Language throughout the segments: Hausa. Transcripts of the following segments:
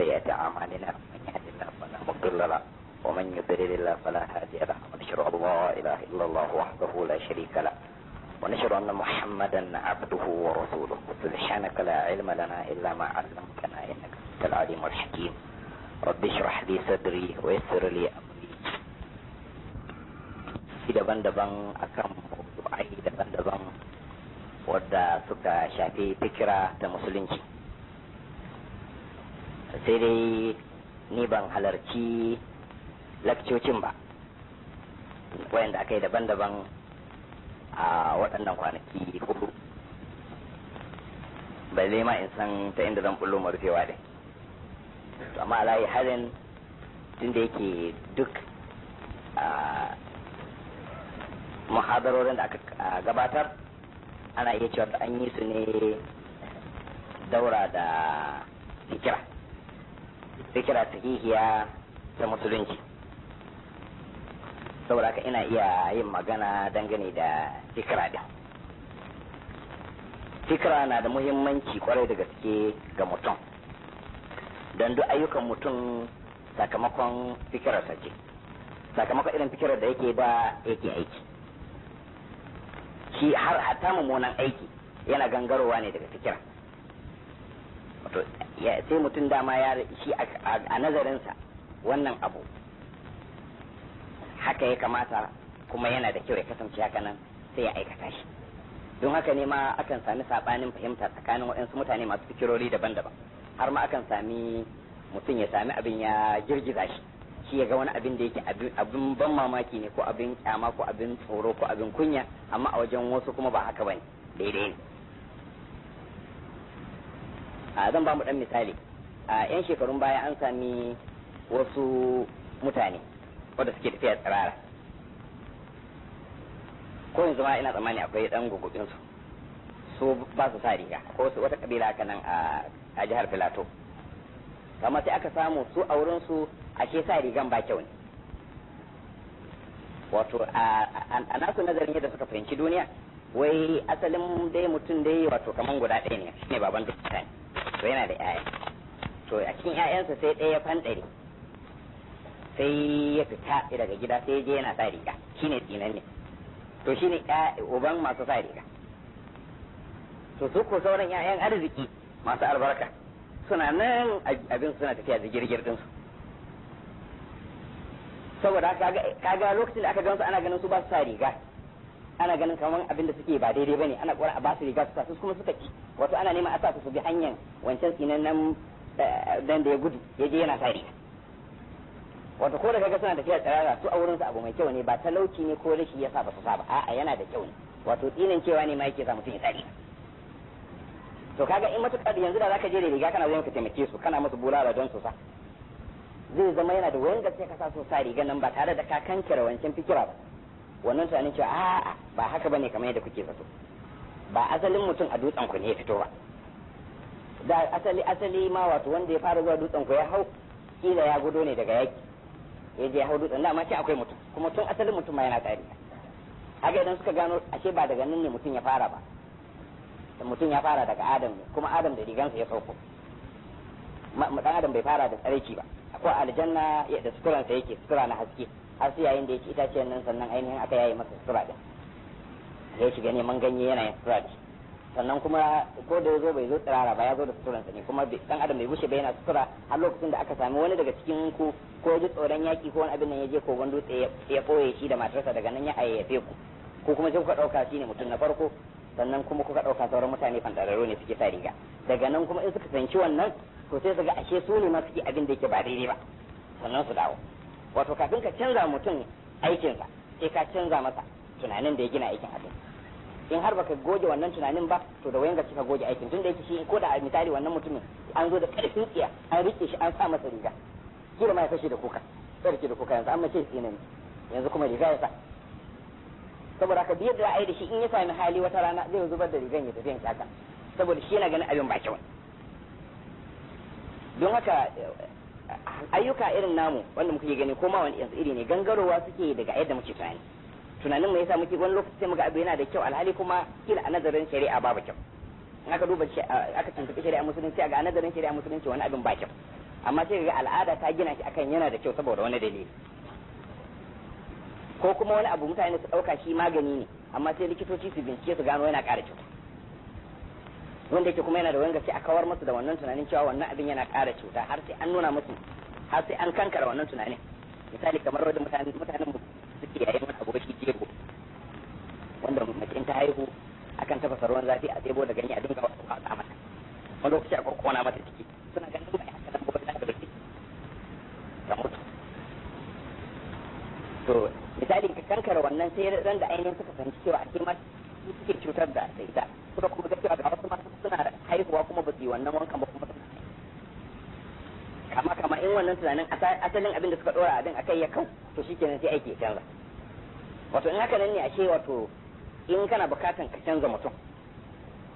سيئات أعمالنا من يهد الله فلا مضل له ومن يضلل الله فلا هادي له ونشهد أن لا إله إلا الله وحده لا شريك له ونشهد أن محمدا عبده ورسوله سبحانك لا علم لنا إلا ما علمتنا إنك أنت العليم الحكيم رب اشرح لي صدري ويسر لي أمري daban-daban akan mawdu'ai daban-daban wadda ودا سكا شافي فكرة musulunci sai dai ni ban halarci lakcocin ba wayanda aka yi daban-daban a waɗannan kwanaki hudu ba zai ma in san ta inda zan bullo marufewa ne to amma alayi halin tun da yake duk muhadarorin da aka gabatar ana iya cewa da an yi su ne daura da fikira fikira sahihiya ta musulunci saboda haka ina iya yin magana dangane da fikira din fikira na da muhimmanci kwarai da gaske ga mutum don duk ayyukan mutum sakamakon sa ce sakamakon irin fikirar da yake ba yake aiki shi har hatta mummunan aiki yana gangarowa ne daga fikira to sai mutum dama ya shi a nazarinsa wannan abu haka ya kamata kuma yana da kyau ya kasance haka nan sai ya aikata shi don haka ne ma akan sami sabanin fahimta tsakanin waɗansu mutane masu fikirori daban-daban har ma akan sami mutum ya sami abin ya girgiza shi shi ya ga wani abin da yake abin ban mamaki ne ko abin kyama ko abin tsoro ko abin kunya amma a wajen wasu kuma ba haka bane daidai ne zan ba mu dan misali a yan shekarun baya an sami wasu mutane wanda suke tafiya tsirara ko yanzu ma ina tsammani akwai dan gugubin su su ba su sa riga ko su wata kabila haka nan a jihar filato kama sai aka samu su a wurin su ake sa rigan ba kyau ne wato a nasu nazarin yadda suka fahimci duniya wai asalin dai mutum dai wato kaman guda ɗaya ne shine baban duk mutane to yana da ƴaƴa to a cikin ƴaƴansa sai ɗaya ya fanɗare sai ya fita daga gida sai ya je yana sa riga ne tsinan ne to shine uban masu sa riga to su ko sauran ƴaƴan arziki masu albarka suna nan abin suna tafiya da girgir dinsu saboda kaga lokacin da aka gansu ana ganin su ba su sa riga ana ganin kamar abin da suke ba daidai bane ana kora a basu riga su su kuma suka ci wato ana neman a sa su bi hanyar wancan tsinan nan eh, dan da ya gudu ya je yana tashi wato ko da kaga suna tafiya tsirara su a wurin su abu mai kyau ne ba talauci ne ko rashi yasa ba su saba a'a yana da kyau ne wato tsinin cewa ne ma yake sa mutum ya tsari to kaga in matukar yanzu da zaka je da riga kana zai ka taimake su kana musu bulala don su sa zai zama yana da wayan gaske ka sa su sa riga nan ba tare da ka kankira wancan fikira ba wannan tunanin cewa a'a ba haka bane kamar yadda kuke zato ba asalin mutum a dutsen ku ne ya fito ba da asali asali ma wato wanda ya fara zuwa dutsen ku ya hau kila ya gudo ne daga yaki ya je ya hau dutsen amma ce akwai mutum kuma tun asalin mutum ma yana tsari haka idan suka gano ashe ba daga nan ne mutum ya fara ba mutum ya fara daga adam ne kuma adam da rigansa ya sauko dan adam bai fara da tsareki ba akwai aljanna da suturansa yake sukura na haske har sai yayin da ya ci itaciyar nan sannan ainihin aka yaye masa sutura din ya shiga neman ganye yana yin sutura din sannan kuma ko da zo bai zo tsirara ba ya zo da sa ne kuma dan adam bai bushe ba yana sutura har lokacin da aka sami wani daga cikin ku ko ji tsoron yaki ko wani abin nan ya je kogon dutse ya boye shi da matarsa daga nan ya ayyafe ku ko kuma sai kuka dauka shi ne mutum na farko sannan kuma kuka dauka sauran mutane fantararo ne suke sa riga daga nan kuma in suka sanci wannan to sai su ga ashe su ne ma suke abin da yake ba daidai ba sannan su dawo wato kafin ka canza mutum aikinsa sai ka canza masa tunanin da ya gina aikin abin in har baka goge wannan tunanin ba to da wayan gaske ka goge aikin tun da yake shi ko da misali wannan mutumin an zo da karfin tsiya an rike shi an sa masa riga kira ma ya fashe da kuka sai da kuka yanzu an mace tsinan yanzu kuma riga ya sa saboda ka biyar da ra'ayi da shi in ya sami hali wata rana zai zubar da rigan ya tafi kyakka saboda shi yana ganin abin ba kyau don haka ayyuka irin namu wanda muke gani ko ma wani yanzu iri ne gangarowa suke daga yadda muke tunani tunanin mu yasa muke wani lokaci sai muga abu yana da kyau alhali kuma kila a nazarin shari'a babu kyau in aka duba aka tuntuɓi shari'a musulunci ga a nazarin shari'a musulunci wani abin ba kyau amma sai ga al'ada ta gina shi akan yana da kyau saboda wani dalili ko kuma wani abu mutane su ɗauka shi magani ne amma sai likitoci su bincike su gano yana ƙara kyau wanda yake kuma yana da wani gaske a kawar musu da wannan tunanin cewa wannan abin yana ƙara cuta har sai an nuna musu har sai an kankara wannan tunanin misali kamar wadda mutanen mu suke yayin wani aboki jego wanda mace ta haihu akan tafasa ruwan zafi a tsebo da ganye a dinga watsa mata wanda lokaci a kokona mata ciki suna ganin mai ya dan nan gobe da rufe ta mutu to misali ka kankara wannan sai ran da ainihin suka fahimci cewa a ke ma suke cutar da ita kuma kuma ga cewa ga wasu masu suna haihuwa kuma ba su yi wannan wankan ba kuma suna kama kama in wannan tunanin asalin abin da suka dora abin akai ya kau to shikenan sai aiki ya canza wato in haka nan ne ashe wato in kana bukatan ka canza mutum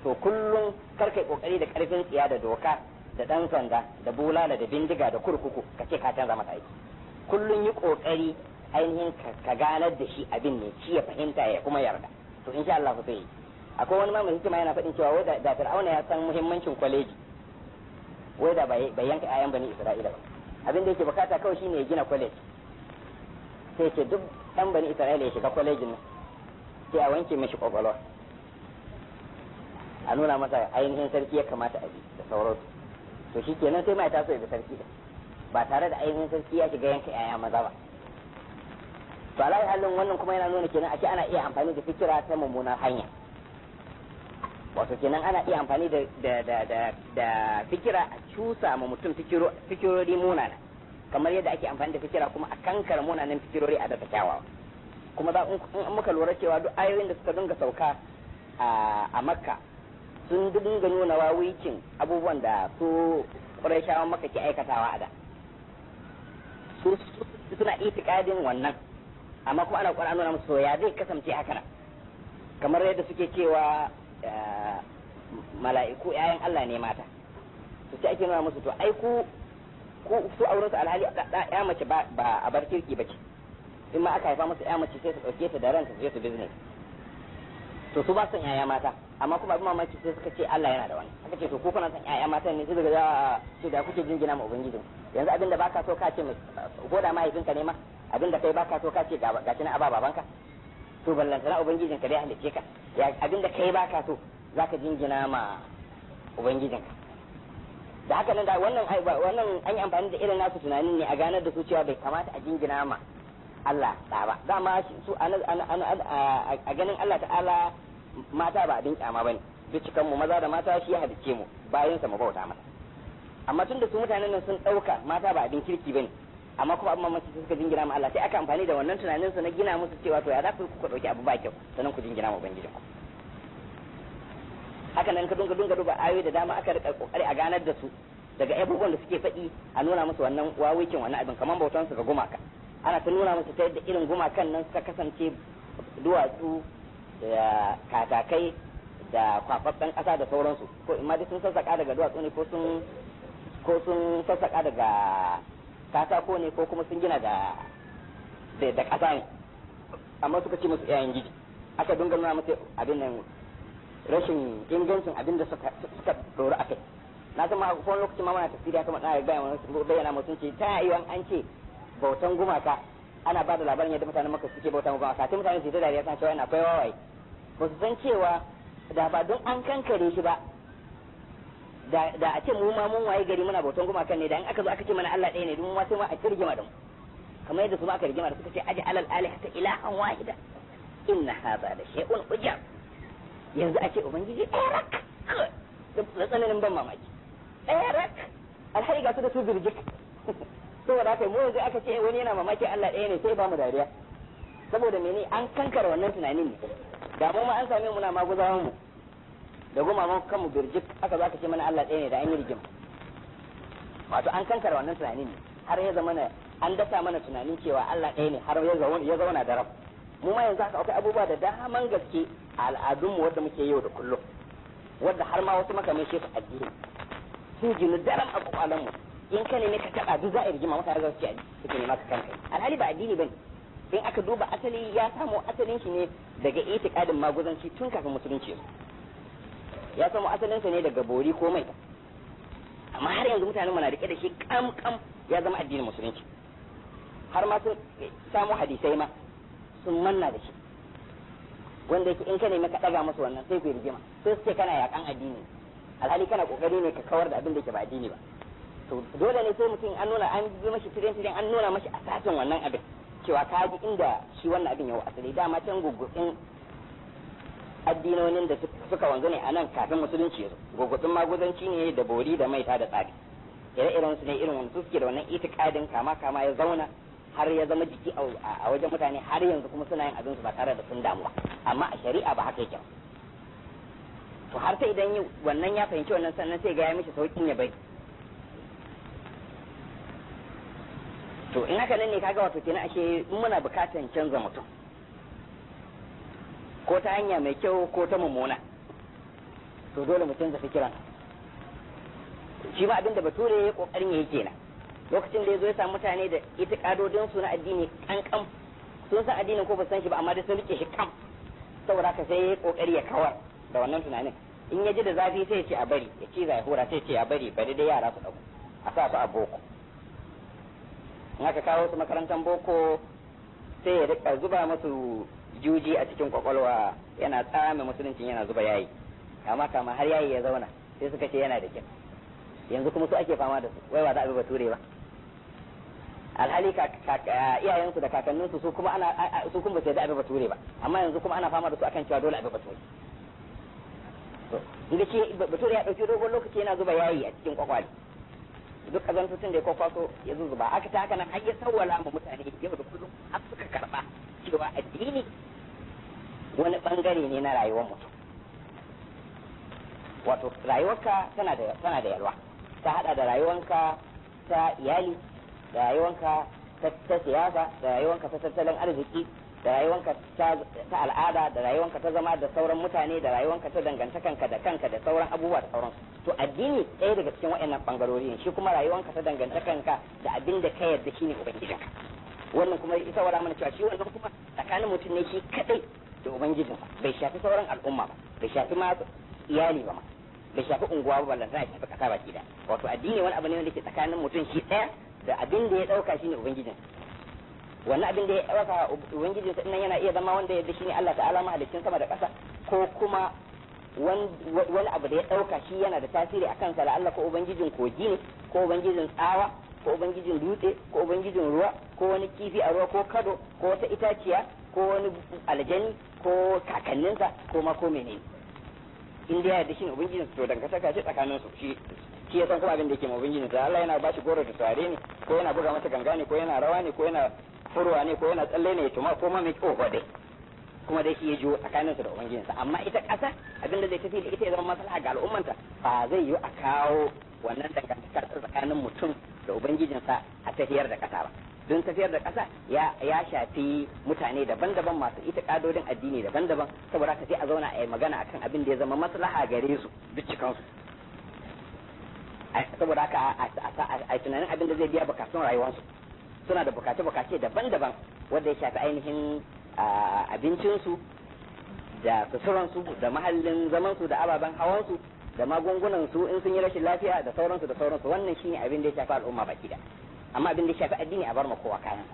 to kullum kar kai kokari da karfin tsiya da doka da dan sanda da bulala da bindiga da kurkuku ka ce ka canza masa aiki kullum yi kokari ainihin ka ganar da shi abin ne shi ya fahimta ya kuma yarda to insha Allah sai akwai wani mai hikima yana faɗin cewa wai da fir'auna ya san muhimmancin kwaleji wai da bai yanka ayan bani isra'ila ba abin da yake bukata kawai shine ya gina kwaleji sai ce duk dan bani isra'ila ya shiga kwalejin nan sai a wanke mishi kwakwalwa a nuna masa ainihin sarki ya kamata a bi da sauransu to shi kenan sai mai taso da sarki ba tare da ainihin sarki ya shiga yanka yaya maza ba to alayi halin wannan kuma yana nuna kenan a ce ana iya amfani da fikira ta mummunar hanya wato kenan ana iya amfani da da da da, da fikira a cusa ma mutum fikiro fikirori munana kamar yadda ake amfani da fikira kuma a kankar munanan fikirori a daga kyawawa kuma za in muka lura cewa duk ayoyin da suka dinga sauka a makka sun dinga nuna wawikin abubuwan da su ƙurashawan maka ke aikatawa a da su suna itikadin wannan amma kuma ana ƙwararra nuna musu ya zai kasance haka kamar yadda suke cewa mala'iku ƴaƴan Allah ne mata to sai ake nuna musu to ai ku ku su auren su alhali ya mace ba a bar kirki bace in ma aka haifa musu ya mace sai su dauke ta da ranta su je su business to su ba son yaya mata amma kuma abin mamaki sai suka ce Allah yana da wani aka ce to ku kuna son yaya mata ne sai daga su da kuke jingina ma ubangiji yanzu abin da baka so ka ce ko da mahaifinka ne ma abin da kai baka so ka ce gashi na ababa banka to ballantana ubangijin ka dai halicce ka ya abinda kai baka so zaka jingina ma ubangijin ka da haka nan da wannan wannan an yi amfani da irin nasu tunanin ne a ganar da su cewa bai kamata a jingina ma Allah da ba dama su a ganin Allah ta'ala mata ba abin kyama bane duk cikan mu maza da mata shi ya halicce mu bayan sa mu bauta masa amma tun da su mutanen nan sun dauka mata ba abin kirki bane amma kuma amma masu suka jingina ma Allah sai aka amfani da wannan tunanin su na gina musu cewa to ya za ku ku dauki abu ba kyau sannan ku jingina ma ubangiji ku haka nan ka dunga dunga duba ayoyi da dama aka rika kokari a ganar da su daga abubuwan da suke faɗi a nuna musu wannan wawikin wannan abin kamar bautan su ga gumaka ana ta nuna musu ta yadda irin gumakan nan suka kasance duwatsu da katakai da kwafaffen ƙasa da sauransu ko imma sun sassaƙa daga duwatsu ne ko sun ko sun sassaƙa daga katako ne ko kuma sun gina da da kasa ne amma suka ce musu yayin gidi aka dinga nuna musu abin nan rashin ingancin abin da suka suka doro akai na san ma kowane lokacin ma muna tafsiri aka matsaya ga sun bayyana mu sun ce ta yi an ce bautan gumaka ana ba da labarin yadda mutanen maka suke bautan gumaka sai mutanen su da dariya san cewa yana kai wawaye ba su san cewa da ba don an kankare shi ba da a ce mu ma mun waye gari muna bautan gumakan ne da in aka zo aka ce mana Allah ɗaya ne dun ma sai ma a ci rigima da mu kamar yadda su ma aka rigima da suka ce aji alal ta ilahan wahida inna hadha la shay'un ujab yanzu a ce ubangiji erak eh, da tsananin ban mamaki erak eh, rak alhari ga su da su birjik da kai mu yanzu aka ce wani yana mamaki Allah ɗaya ne sai ba mu dariya saboda mene an kankara wannan tunanin ne da mu ma an same na maguzawan mu da goma mun kanmu birjik aka za ka ce mana Allah ɗaya ne da an yi rigima wato an kankara wannan tunanin ne har ya zama an dasa mana tunanin cewa Allah ɗaya ne har ya zauna da rab mu ma yanzu haka akwai abubuwa da daman gaske a al'adunmu wadda muke yau da kullum wadda har ma wasu makamai shi su addini sun jinu daram a kwakwalanmu in ka ne ka taɓa duk za a rigima mutane za su ce suke nema ka kanka alhali ba addini bane in aka duba asali ya samo asalin shi ne daga itikadin maguzanci tun kafin musulunci ya samu asalinsa ne daga bori ko mai amma har yanzu mutane mu na rike da shi kam kam ya zama addinin musulunci har ma sun samu hadisai ma sun manna da shi wanda yake in ka nemi ka daga musu wannan sai ku rigima sai suke kana yakan addini alhali kana kokari ne ka kawar da abin da ke ba addini ba to dole ne sai mutum an nuna an yi mashi tirin tirin an nuna mashi asasin wannan abin cewa ka ji inda shi wannan abin ya wa asali dama can gugguɗin addinonin da suka wanzu ne a nan kafin musulunci ya zo gogotsin maguzanci ne da bori da maita da tsari ire-iren ne irin wani suke da wannan itikadin kama kama ya zauna har ya zama jiki a wajen mutane har yanzu kuma suna yin abin su ba tare da sun damuwa amma a shari'a ba haka yake to har sai idan wannan ya fahimci wannan sannan sai ga ya mishi saukin ya bai to in haka nan ne kaga wato kenan ashe muna bukatan canza mutum ko ta hanya mai kyau ko ta mummuna to dole mu canza fikiran shi ma abinda bature ya kokarin yayi kenan lokacin da ya zo ya samu mutane da itikadodin su na addini kankan sun san addinin ko ba san shi ba amma dai sun rike shi kam saboda ka sai ya kokari ya kawar da wannan tunanin in ya ji da zafi sai ya ce a bari ya ci zai hura sai ya ce a bari bari dai yara su dauko a sa su a boko in aka kawo su makarantar boko sai ya rika zuba masu. juji a cikin kwakwalwa yana tsame musuluncin yana zuba yayi amma kama har yayi ya zauna sai suka ce yana da kyau yanzu kuma su ake fama da su wai ba za a bi bature ba alhali iyayensu da kakanninsu su kuma ana su kuma sai da abi bature ba amma yanzu kuma ana fama da su akan cewa dole abi bature inda shi bature ya dauki dogon lokaci yana zuba yayi a cikin kwakwali duk tutun da ya kwakwaso ya zuzuba aka ta haka nan har ya sawwala mu mutane yau da kullum har suka cewa addini wani bangare ne na rayuwar mutum wato rayuwarka tana da tana da yalwa ta hada da rayuwanka ta iyali da rayuwanka ta siyasa da rayuwanka ta tattalin arziki da rayuwanka ta al'ada da rayuwanka ta zama da sauran mutane da rayuwanka ta dangantakanka da kanka da sauran abubuwa da sauran to addini ɗaya daga cikin waɗannan bangarori ne shi kuma rayuwanka ta dangantakanka da abin da ka yarda shine ubangijinka wannan kuma ita wala mana cewa shi wannan kuma tsakanin mutum ne shi kadai da ubangijin bai shafi sauran al'umma ba bai shafi ma iyali ba ma bai shafi unguwa ba ballan ya shafi kasa baki da wato addini wani abu ne wanda ke tsakanin mutum shi daya da abin da ya dauka shine ubangijin wannan abin da ya dauka ubangijin nan yana iya zama wanda yadda shine Allah ta'ala mahalicin sama da kasa ko kuma wani abu da ya dauka shi yana da tasiri akan sa Allah ko ubangijin kogi ne ko ubangijin tsawa ko ubangijin dutse ko ubangijin ruwa ko wani kifi a ruwa ko kado ko wata itaciya ko wani aljani ko kakanninsa ko ma ko menene in dai yarda shi ne ubangijin to dangantaka ce tsakanin su shi shi ya san kuma abin da yake ma ubangijin sa Allah yana bashi goro da sare ne ko yana buga mata ganga ne ko yana rawa ne ko yana furwa ne ko yana tsalle ne to ma ko ma mai kofa dai kuma dai shi ya jiwo tsakaninsu da ubangijinsa amma ita ƙasa abin da zai tafi da ita ya zama maslaha ga al'ummanta ba zai yiwu a kawo wannan dangantaka ta tsakanin mutum da ubangijinsa a tafiyar da kasa ba don tafiyar da kasa ya shafi mutane daban-daban masu ita addini daban-daban saboda ka a zauna a yi magana akan abin da ya zama maslaha gare su duk su saboda ka a tunanin abin da zai biya bukatun rayuwarsu suna da bukace-bukace daban-daban wanda ya shafi ainihin abincinsu da suturansu da mahallin zamansu da ababen hawansu da magungunan su in sun yi rashin lafiya da sauransu da sauransu wannan shine abin da ya shafi al'umma baki da amma abin da ya shafi addini a bar ma kowa kayan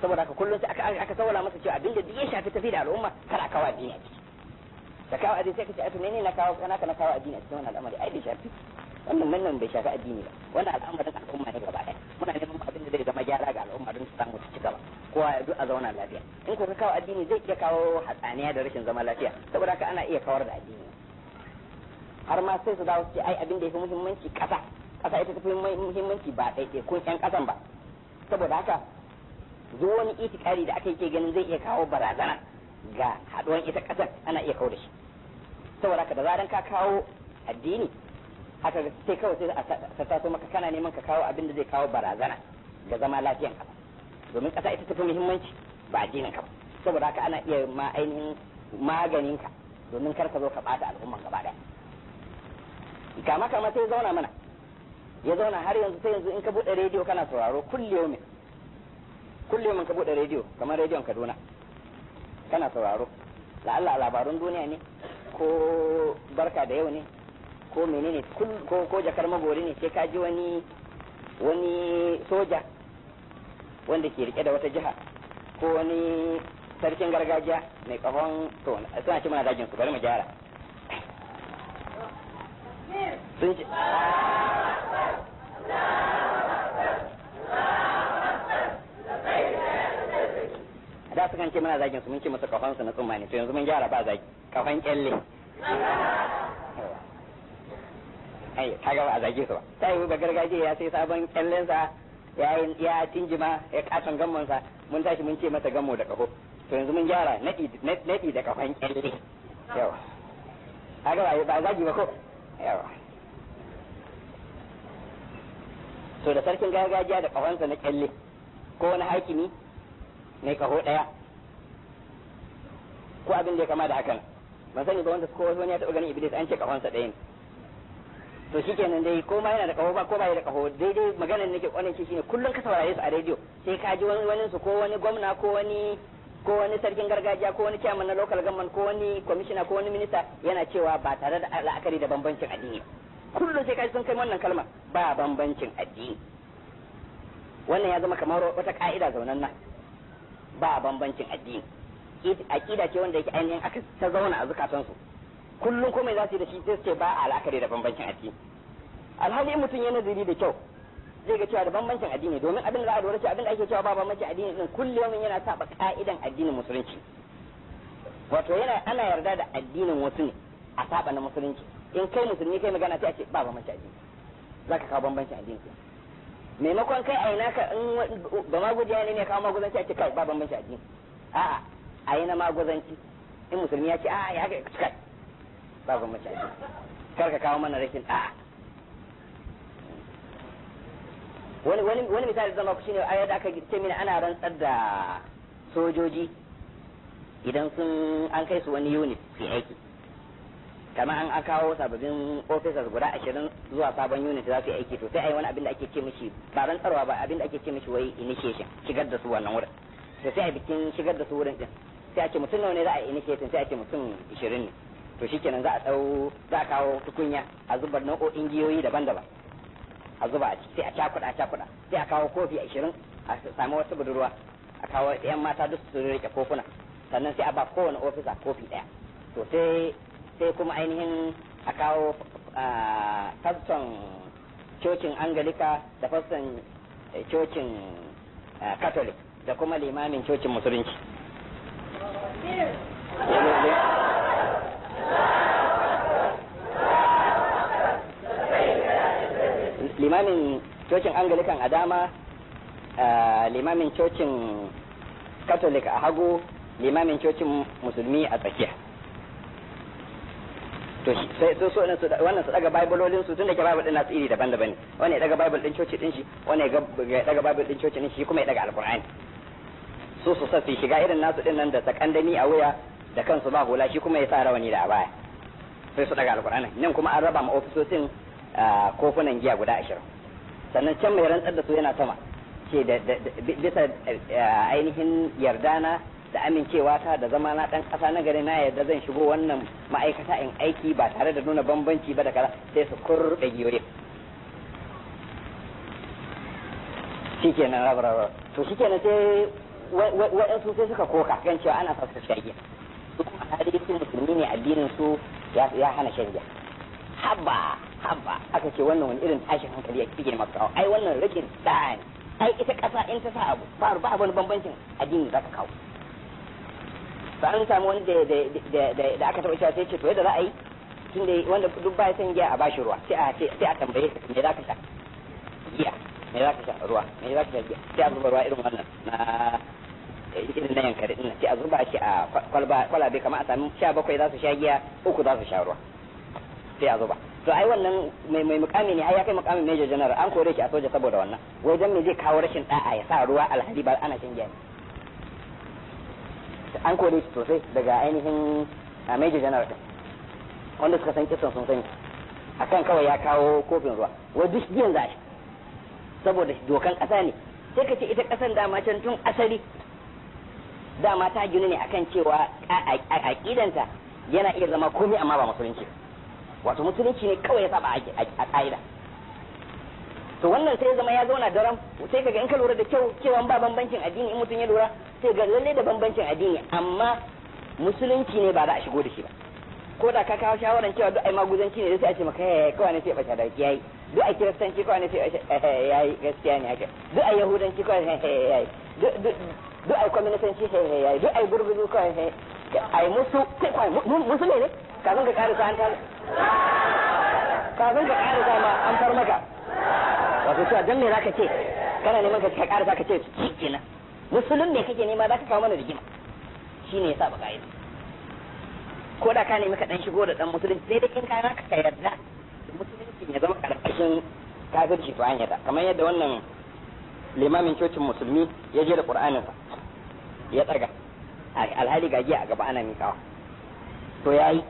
saboda haka kullum sai aka aka sawala masa cewa abin da duk ya shafi tafi da al'umma kar a kawo addini a ciki da kawo addini sai ka ce ai menene na kawo kana kana kawo addini a cikin wannan al'amari ai bai shafi wannan wannan bai shafi addini ba wannan al'amarin al'umma ne gaba ɗaya muna neman abin da zai zama gyara ga al'umma don su samu ci gaba kowa ya duk a zauna lafiya in ko ka kawo addini zai iya kawo hatsaniya da rashin zama lafiya saboda haka ana iya kawar da addini har ma sai su dawo su ce ai abin da yafi muhimmanci kasa kasa ita tafi muhimmanci ba ɗaiɗai ko ƴan kasan ba saboda haka zo wani itikari da aka yi ke ganin zai iya kawo barazana ga haɗuwan ita kasan ana iya kawo da shi saboda haka da zaran ka kawo addini haka sai kawai sai a taso maka kana neman ka kawo abin da zai kawo barazana ga zama lafiyan ka domin kasa ita tafi muhimmanci ba addinin ka ba saboda haka ana iya ma ainihin maganinka domin kar ka zo ka ɓata al'umman gaba ɗaya kama kama sai zauna mana ya zauna har yanzu sai yanzu in ka bude rediyo kana sauraro kulle yau kulle yau ka bude rediyo kamar rediyon Kaduna kana sauraro Allah labarun duniya ne ko barka da yau ne ko menene ko ko jakar magori ne sai ka ji wani wani soja wanda ke rike da wata jiha ko wani sarkin gargajiya mai kahon to suna ce mana dajin su bari mu gyara sun ce da su ce muna zagin su mun ce masa su na tsumma ne to yanzu mun gyara ba zagi kafan kyalle ai kaga ba a zage su ba ta yi ba gargajiya ya sai sabon kyallensa ya ya tinjima ya katon gammon sa mun tashi mun ce masa gammo da kaho to yanzu mun gyara nadi nadi da kafan kyalle yawa kaga ba zagi ba ko yawa to da sarkin gargajiya da kafansa na kyalle ko wani hakimi mai kaho ɗaya ko abin da ya kama da hakan ban sani ba wanda ko wani ya taɓa ganin iblis an ce kafansa ɗaya ne to shi kenan dai ko ma yana da kaho ba ko ba ya da kaho daidai maganar nake kwanan shi shine kullum ka saurare su a rediyo sai ka ji wani su ko wani gwamna ko wani ko wani sarkin gargajiya ko wani chairman na local government ko wani commissioner ko wani minister yana cewa ba tare da la'akari da bambancin addini kullum sai kai sun kai wannan kalma ba bambancin addini wannan ya zama kamar wata ka'ida zaunan nan ba bambancin addini aqida ce wanda yake ainihin aka ta zauna a zukatansu kullum komai za su yi da shi sai su ce ba a la'akari da bambancin addini alhali mutum ya nazari da kyau zai ga cewa da bambancin addini domin abin da za a dora cewa abin da ake cewa ba bambancin addini din kullum yana saba ka'idan addinin musulunci wato yana ana yarda da addinin wasu ne a saba na musulunci in kai musulmi kai magana sai a ce ba bambancin addini za ka kawo bambancin addini maimakon kai a ina ka in ba magujiya ne ne kawo maguzanci a ce kai ba bambancin addini a'a a yi na maguzanci in musulmi ya ce a'a ya ga kai ba bambancin addini kar ka kawo mana rashin a'a wani misali zan baku shine ayar da aka ce mini ana rantsar da sojoji idan sun an kai su wani unit su aiki kamar an kawo sababbin officers guda ashirin zuwa sabon unit za su yi aiki to sai a yi wani abin da ake ce mishi ba rantsarwa ba abin da ake ce mishi wai initiation shigar da su wannan wurin da sai a bikin shigar da su wurin din sai a ce mutum nawa ne za a yi initiation sai a ce mutum ishirin ne to shikenan za a dau za a kawo tukunya a zubar nau'o'in giyoyi daban-daban a zuba a sai a cakuɗa a cakuɗa sai a kawo kofi ashirin a sami wasu budurwa a kawo yan mata duk su rike kofuna sannan sai a ba kowane ofisa kofi ɗaya to sai sai kuma ainihin a kawo faston cocin angalika da faston eh, cocin katolik eh, da kuma limamin cocin musulunci limamin cocin anglican a dama limamin cocin catholic a hagu limamin cocin musulmi a tsakiya to sai so so su wannan su daga bibilolin su tun da ke bible din na tsiri daban-daban ne wani ya daga bible din coci din shi wani ya daga bible din coci din shi kuma ya daga alqur'ani su su sa su shiga irin nasu din nan da sakandami a wuya da kansu ba hula shi kuma ya sa rawani da a baya sai su daga alqur'ani nan kuma an raba ma ofisosin kofunan giya guda ashirin sannan can mai rantsar da su yana sama ce da bisa eh, ainihin yarda na da amincewa ta da zama na dan kasa na gari na yarda zan shigo wannan ma'aikata in aiki ba tare da nuna bambanci ba da kaza sai su kurbe giyore shikenan rabaraba to shikenan sai waɗansu sai suka koka kan cewa ana sa su shagiya su kuma tarihi musulmi ne addinin su ya hana shan giya habba haba aka ce wannan wani irin tashin hankali ya kike maka kawo ai wannan rikin da ai ita kasa in ta sa abu ba ba wani bambancin addini zaka kawo ba an samu wani da da da aka taɓa cewa sai ce to yadda za a yi tun da wanda duk ba ya san giya a bashi ruwa sai a sai a tambaye me za ka sha giya me za ka sha ruwa me za ka sha giya sai a zuba ruwa irin wannan na irin na yanka din sai a zuba shi a kwalba kwalabe kamar a sami sha bakwai za su sha giya uku za su sha ruwa sai a zuba to ai wannan mai mai mukami ne ai ya kai mukamin major general an kore shi a soja saboda wannan wajen ne zai kawo rashin da'a ya sa ruwa alhali ba ana shan giya an kore shi sosai daga ainihin a major general din wanda suka san kisan sun sani akan kawai ya kawo kofin ruwa wai duk biyan za shi saboda dokan kasa ne sai ka ce ita kasan dama can tun asali dama ta gini ne akan cewa a aƙidanta yana iya zama komai amma ba musulunci wato musulunci ne kawai ya saba a ka'ida to wannan sai zama ya zauna daram sai ga in ka lura da kyau cewa ba bambancin addini in mutum ya lura sai ga lalle da bambancin addini amma musulunci ne ba za a shigo da shi ba ko da ka kawo shawaran cewa duk ai maguzanci ne sai a ce maka yaya kawai ne sai bata da yayi duk ai kiristanci kawai ne sai yayi gaskiya ne haka duk ai yahudanci kawai ne yayi duk ai kwaminisanci yayi duk ai gurguzu kawai ai musu kai kawai musu ne ne kafin ka karisa an ta kafin ka ƙara ma an far maka wato cewa don me za ka ce kana neman ka ka ƙara za ka ce shi kenan musulun ne kake nema za ka kawo mana rigima shi ne ya sa saba ka'ida ko da ka nemi ka ɗan shigo da ɗan musulunci sai da kin kana ka yarda musulunci ya zama ƙarƙashin kafirci to an yarda kamar yadda wannan limamin cocin musulmi ya je da ƙur'aninsa ya tsaga alhali gajiya a gaba ana miƙawa to yayi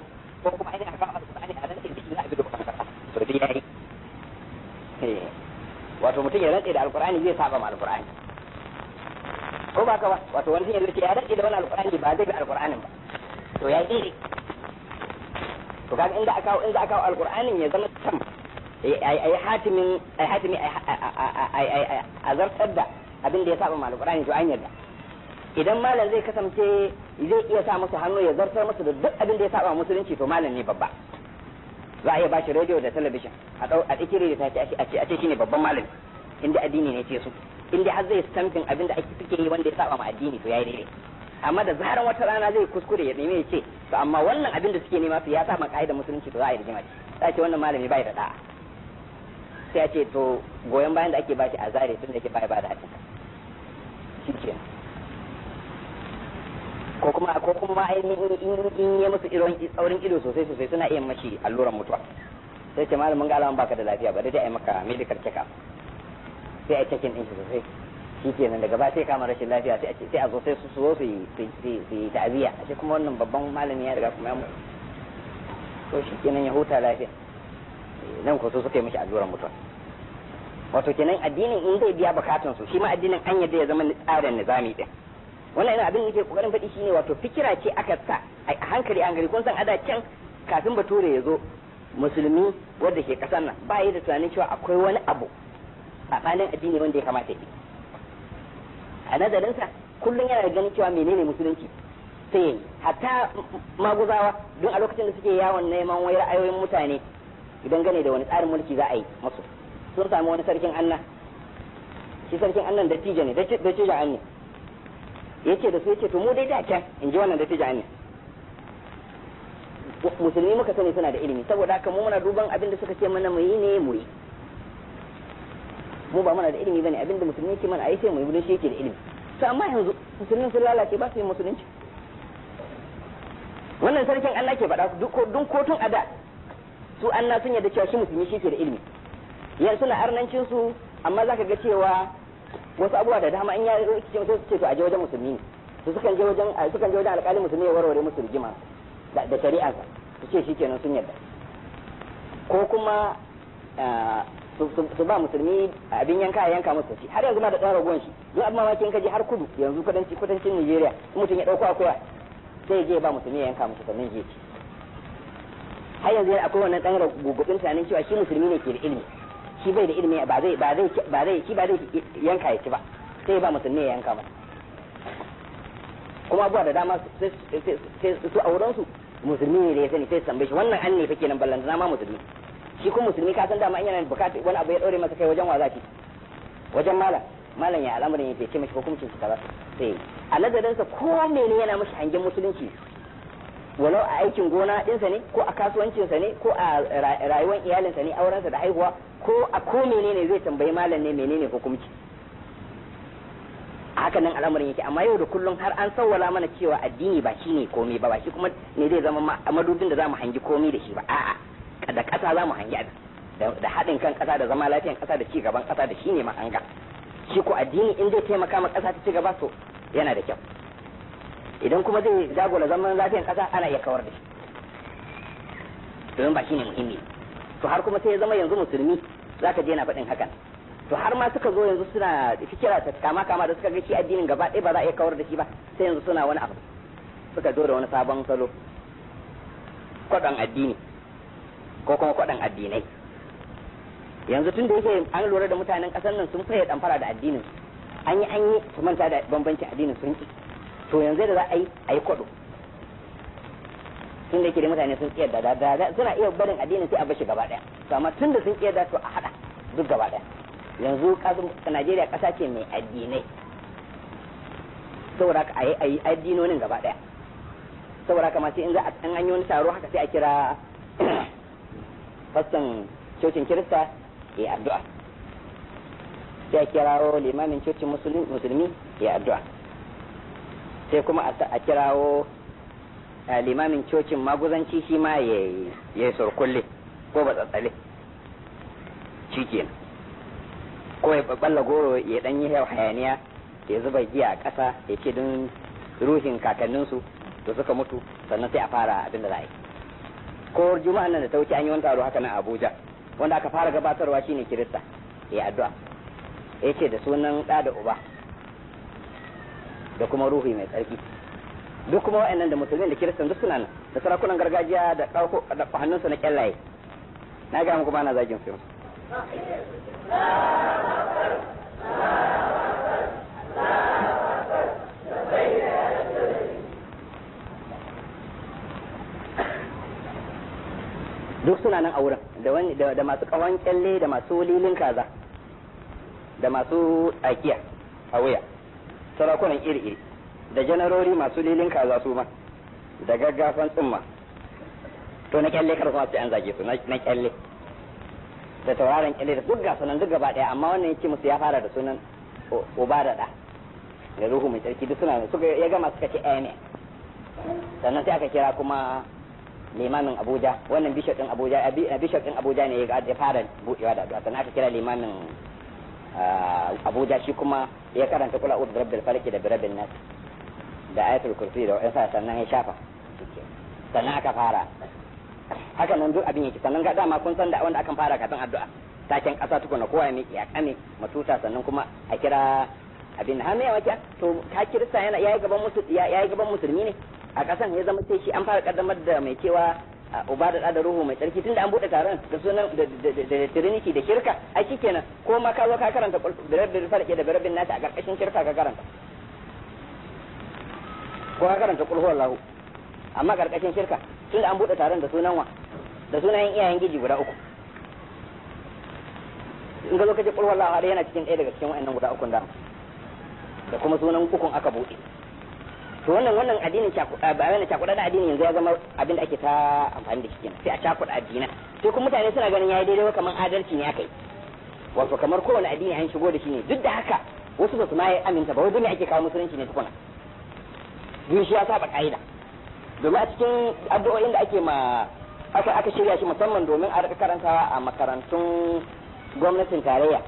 ko kuma ainihin a kawo alƙur'ani a rantse da shi za a bi da kasa to duk yayi wato mutum ya rantse da alƙur'ani zai saba ma alƙur'ani ko ba ka ba wato wani shi ya rantse ya rantse da wani alƙur'ani ba zai bi alƙur'anin ba to ya yi to kaga inda aka inda aka alqur'anin ya zama tam ai hatimin ai hatimi ai a zartar da abin da ya saba ma alqur'ani to an yarda idan malam zai kasance zai iya sa musu hannu ya zartar musu da duk abin da ya saba musulunci to malam ne babba za a iya bashi rediyo da talabijin a dau a dikire da take a ce a ce shine babban malami inda addini ne ce su inda har zai stampin abin da ake fike yi wanda ya saba ma addini to yayi daidai amma da zaran wata rana zai kuskure ya neme ya ce to amma wannan abin da suke nema su ya saba kaidar musulunci to za a yi rigima a ce wannan malami bai da da'a sai a ce to goyon bayan da ake bashi a zare tun da ke bai ba da hakan shi kenan ko kuma ko kuma in ya musu irin tsaurin ido sosai sosai suna iya mashi alluran mutuwa sai ce malamin ga alaman baka da lafiya ba dai ai maka medical check up sai a check in din shi sosai shi nan daga ba sai kama rashin lafiya sai a ce sai a zo sai su zo su yi ta'aziyya a ce kuma wannan babban malami ya riga kuma ya mutu to shi nan ya huta lafiya nan ko su suka yi mashi alluran mutuwa wato kenan addinin in zai biya bukatun su shi ma addinin an yadda ya zama tsarin nizami din wannan yana abin yake kokarin faɗi shine wato fikira ce aka sa a hankali gari kun san ada can kafin bature ya zo musulmi wanda ke kasan nan ba yi da tunanin cewa akwai wani abu a tsanin addini wanda ya kamata yi a nazarinsa kullum yana ganin cewa menene musulunci sai yayi hatta maguzawa don a lokacin da suke yawon neman wai ra'ayoyin mutane idan gane da wani tsarin mulki za a yi masu sun sami wani sarkin Allah shi sarkin Allah dattijo ne dattijo an ne yake da su yake to mu dai da kyan in ji wannan da ta ne musulmi muka sani suna da ilimi saboda haka mu muna duban abin da suka ce mana mu yi ne mu yi mu ba muna da ilimi bane abin da musulmi yake mana ayi sai mu yi shi yake da ilimi to amma yanzu musulmin sun lalace ba su yin musulunci wannan sarkin Allah ke faɗa duk dun kotun ada su Allah sun yarda cewa shi musulmi shi ke da ilimi yanzu na arnancin su amma zaka ga cewa wasu abubuwa da dama in ya rikice sai su ce to a je wajen musulmi su sukan je wajen sukan je wajen alƙalin musulmi ya warware musu rigima da shari'arsa su ce shikenan sun yarda ko kuma su ba musulmi abin yanka a yanka musu ci har yanzu ma da tsara ragon shi don abin mamakin kaji har kudu yanzu kudanci kudancin Nigeria in mutum ya ɗauko akwai sai je ba musulmi ya yanka musu sannan ya ci har yanzu akwai wannan ɗan gugubin tunanin cewa shi musulmi ne ke da ilimi shi bai da ilimi ba zai ba zai ba zai shi ba zai yanka ya ci ba sai ba musulmi ya yanka ba kuma abuwa da dama sai su a su musulmi ne da ya sani sai su tambaye shi wannan an ne kenan ballan da ma musulmi shi kuma musulmi ka san dama an yana bukata wani abu ya dore masa kai wajen wazaki wajen malam malam ya al'amarin ya ce mashi hukuncin shi kaza sai a nazarinsa ko mene yana mashi hangen musulunci walau a aikin gona dinsa ne ko a kasuwancinsa ne ko a rayuwar iyalinsa ne aurensa da haihuwa ko a ko menene zai tambayi malam ne menene hukunci haka nan al'amarin yake amma yau da kullum har an sawwala mana cewa addini ba shi ne komai ba ba shi kuma ne zai zama madubin da za mu hangi komai da shi ba a'a da ƙasa za mu hangi da haɗin kan ƙasa da zama lafiyan ƙasa da cigaban ƙasa da shi ne mahanga shi ko addini in zai taimaka ma ƙasa ta ci gaba to yana da kyau idan kuma zai jagora zaman lafiyan ƙasa ana iya kawar da shi domin ba shi ne muhimmi to har kuma sai ya zama yanzu musulmi za je na faɗin hakan to har ma suka zo yanzu suna fikira ta kama kama da suka ga shi addinin gaba ɗaya ba za a iya kawar da shi ba sai yanzu suna wani abu suka zo da wani sabon salo kwaɗon addini ko kuma kwaɗon addinai yanzu tun da yake an lura da mutanen ƙasar nan sun faye damfara da addinin an yi an yi su manta da bambancin addinin sun ki to yanzu da za a yi a yi kwaɗo tun da yake da mutane sun kiyar da da suna iya barin addinin sai a bashi gaba daya to amma tun da sun kiyar da su a hada duk gaba daya yanzu Najeriya kasa ce mai addinai saboda ka ayi ayi addinonin gaba daya saboda ka sai in za a an an wani taro haka sai a kira fastan cocin kirista ya addu'a sai a kirawo limamin cocin musulmi ya addu'a sai kuma a kirawo Eh, limamin cocin maguzanci shi ma ya yi kulle ko ba tsatsale shi kenan ko ya ɓaɓɓalla goro ya dan yi hayaniya ya zuba giya a ƙasa ya ce don ruhin kakanninsu da suka mutu sannan sai a fara abin da za yi ko juma'an nan da ta wuce an yi wani taro haka nan abuja wanda aka fara gabatarwa shine kirista ya addu'a ya ce da sunan ɗa da uba da kuma ruhi mai tsarki duk kuma wa'annan da musulmin da kiristan duk suna nan da sarakunan gargajiya da ɗauko da hannunsu na kyallaye na ga muku bana zagin su duk suna nan a wurin da masu kawan kyalle da masu lilin kaza da masu ɗakiya a wuya sarakunan iri-iri da janarori masu lilin kaza su ma da gaggafan tsumma to na kyalle kar kuma sai an zage su na kyalle da tauraron kyalle da duk gasu nan duk gaba daya amma wannan yake musu ya fara da sunan uba da da da ruhu mai tsarki duk suna suka ya gama suka ce ne sannan sai aka kira kuma limamin Abuja wannan bishop din Abuja bishop din Abuja ne ya fara buɗewa da addu'a sannan aka kira limamin ah, Abuja shi kuma ya karanta kula da rabbil Falki da rabbil nasi da ayatul kursi da wa'ansa sannan ya shafa sannan aka fara haka nan duk abin yake sannan ga dama kun san da wanda akan fara kafin addu'a taken ƙasa tukuna kowa ya miƙe ya kame matuta sannan kuma a kira abin hannu ya wakiya to ka kirista yana yayi gaban musulmi yayi gaban musulmi ne a ƙasan ya zama sai shi an fara kaddamar da mai cewa uba da da ruhu mai tsarki tunda an bude taron da sunan da trinity da shirka ai kenan ko ma ka zo ka karanta da rabbin da rabbin nata a ƙarƙashin shirka ka karanta ko ka karanta kulhu wallahu amma karkashin shirka tun da an bude taron da sunan wa da sunayen iyayen giji guda uku in ga lokacin kulhu wallahu yana cikin ɗaya daga cikin wa'annan guda ukun da da kuma sunan ukun aka bude to wannan wannan addinin bayan cakuɗa da addinin yanzu ya zama abin da ake ta amfani da shi kenan sai a cakuɗa addinin sai kuma mutane suna ganin yayi daidai kamar adalci ne akai wato kamar kowane addini an shigo da shi ne duk da haka wasu ba su ma aminta ba wai dole ake kawo musulunci ne tukuna din shi ya saba ka'ida domin a cikin addu'o'in da ake ma aka aka shirya shi musamman domin a rika karantawa a makarantun gwamnatin tarayya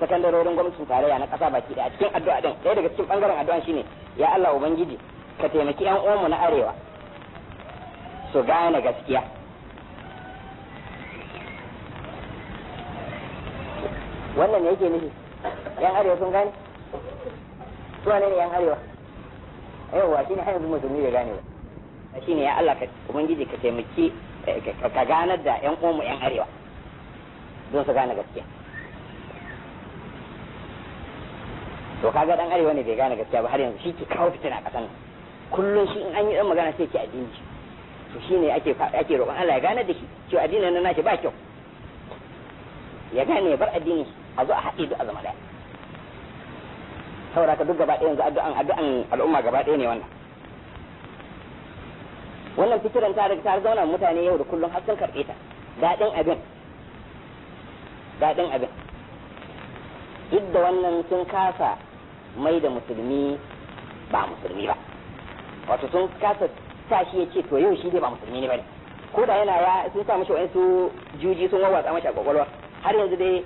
sakandarorin gwamnatin tarayya na ƙasa baki ɗaya a cikin addu'a din ɗaya daga cikin ɓangaren addu'a shine ya Allah ubangiji ka taimaki yan uwanmu na arewa su gane gaskiya wannan ne yake nufi yan arewa sun gane su ne yan arewa shi shine hanyar zuma musulmi ya gane ba ne ya Allah ka ubangiji ka taimaki ka ganar da yan uwanmu yan arewa don su gane gaskiya to kaga dan arewa ne bai gane gaskiya ba har yanzu shi ke kawo fitina a kasan kullum shi in an yi dan magana sai ke addini to shi ake ake roƙon Allah ya gane da shi cewa addinin nan nashi ba kyau ya gane bar addini a zo a haɗe da a zama daya saboda ka duk gaba ɗaya yanzu addu'an addu'an al'umma gaba ɗaya ne wannan wannan fikiran ta riga ta zauna mutane yau da kullum har sun karɓe ta daɗin abin daɗin abin duk da wannan sun kasa mai da musulmi ba musulmi ba wato sun kasa sa shi ya ce to yau shi dai ba musulmi ne ba ne ko da yana ya sun sa mashi wa'insu juji sun wawwatsa mashi a kwakwalwa har yanzu dai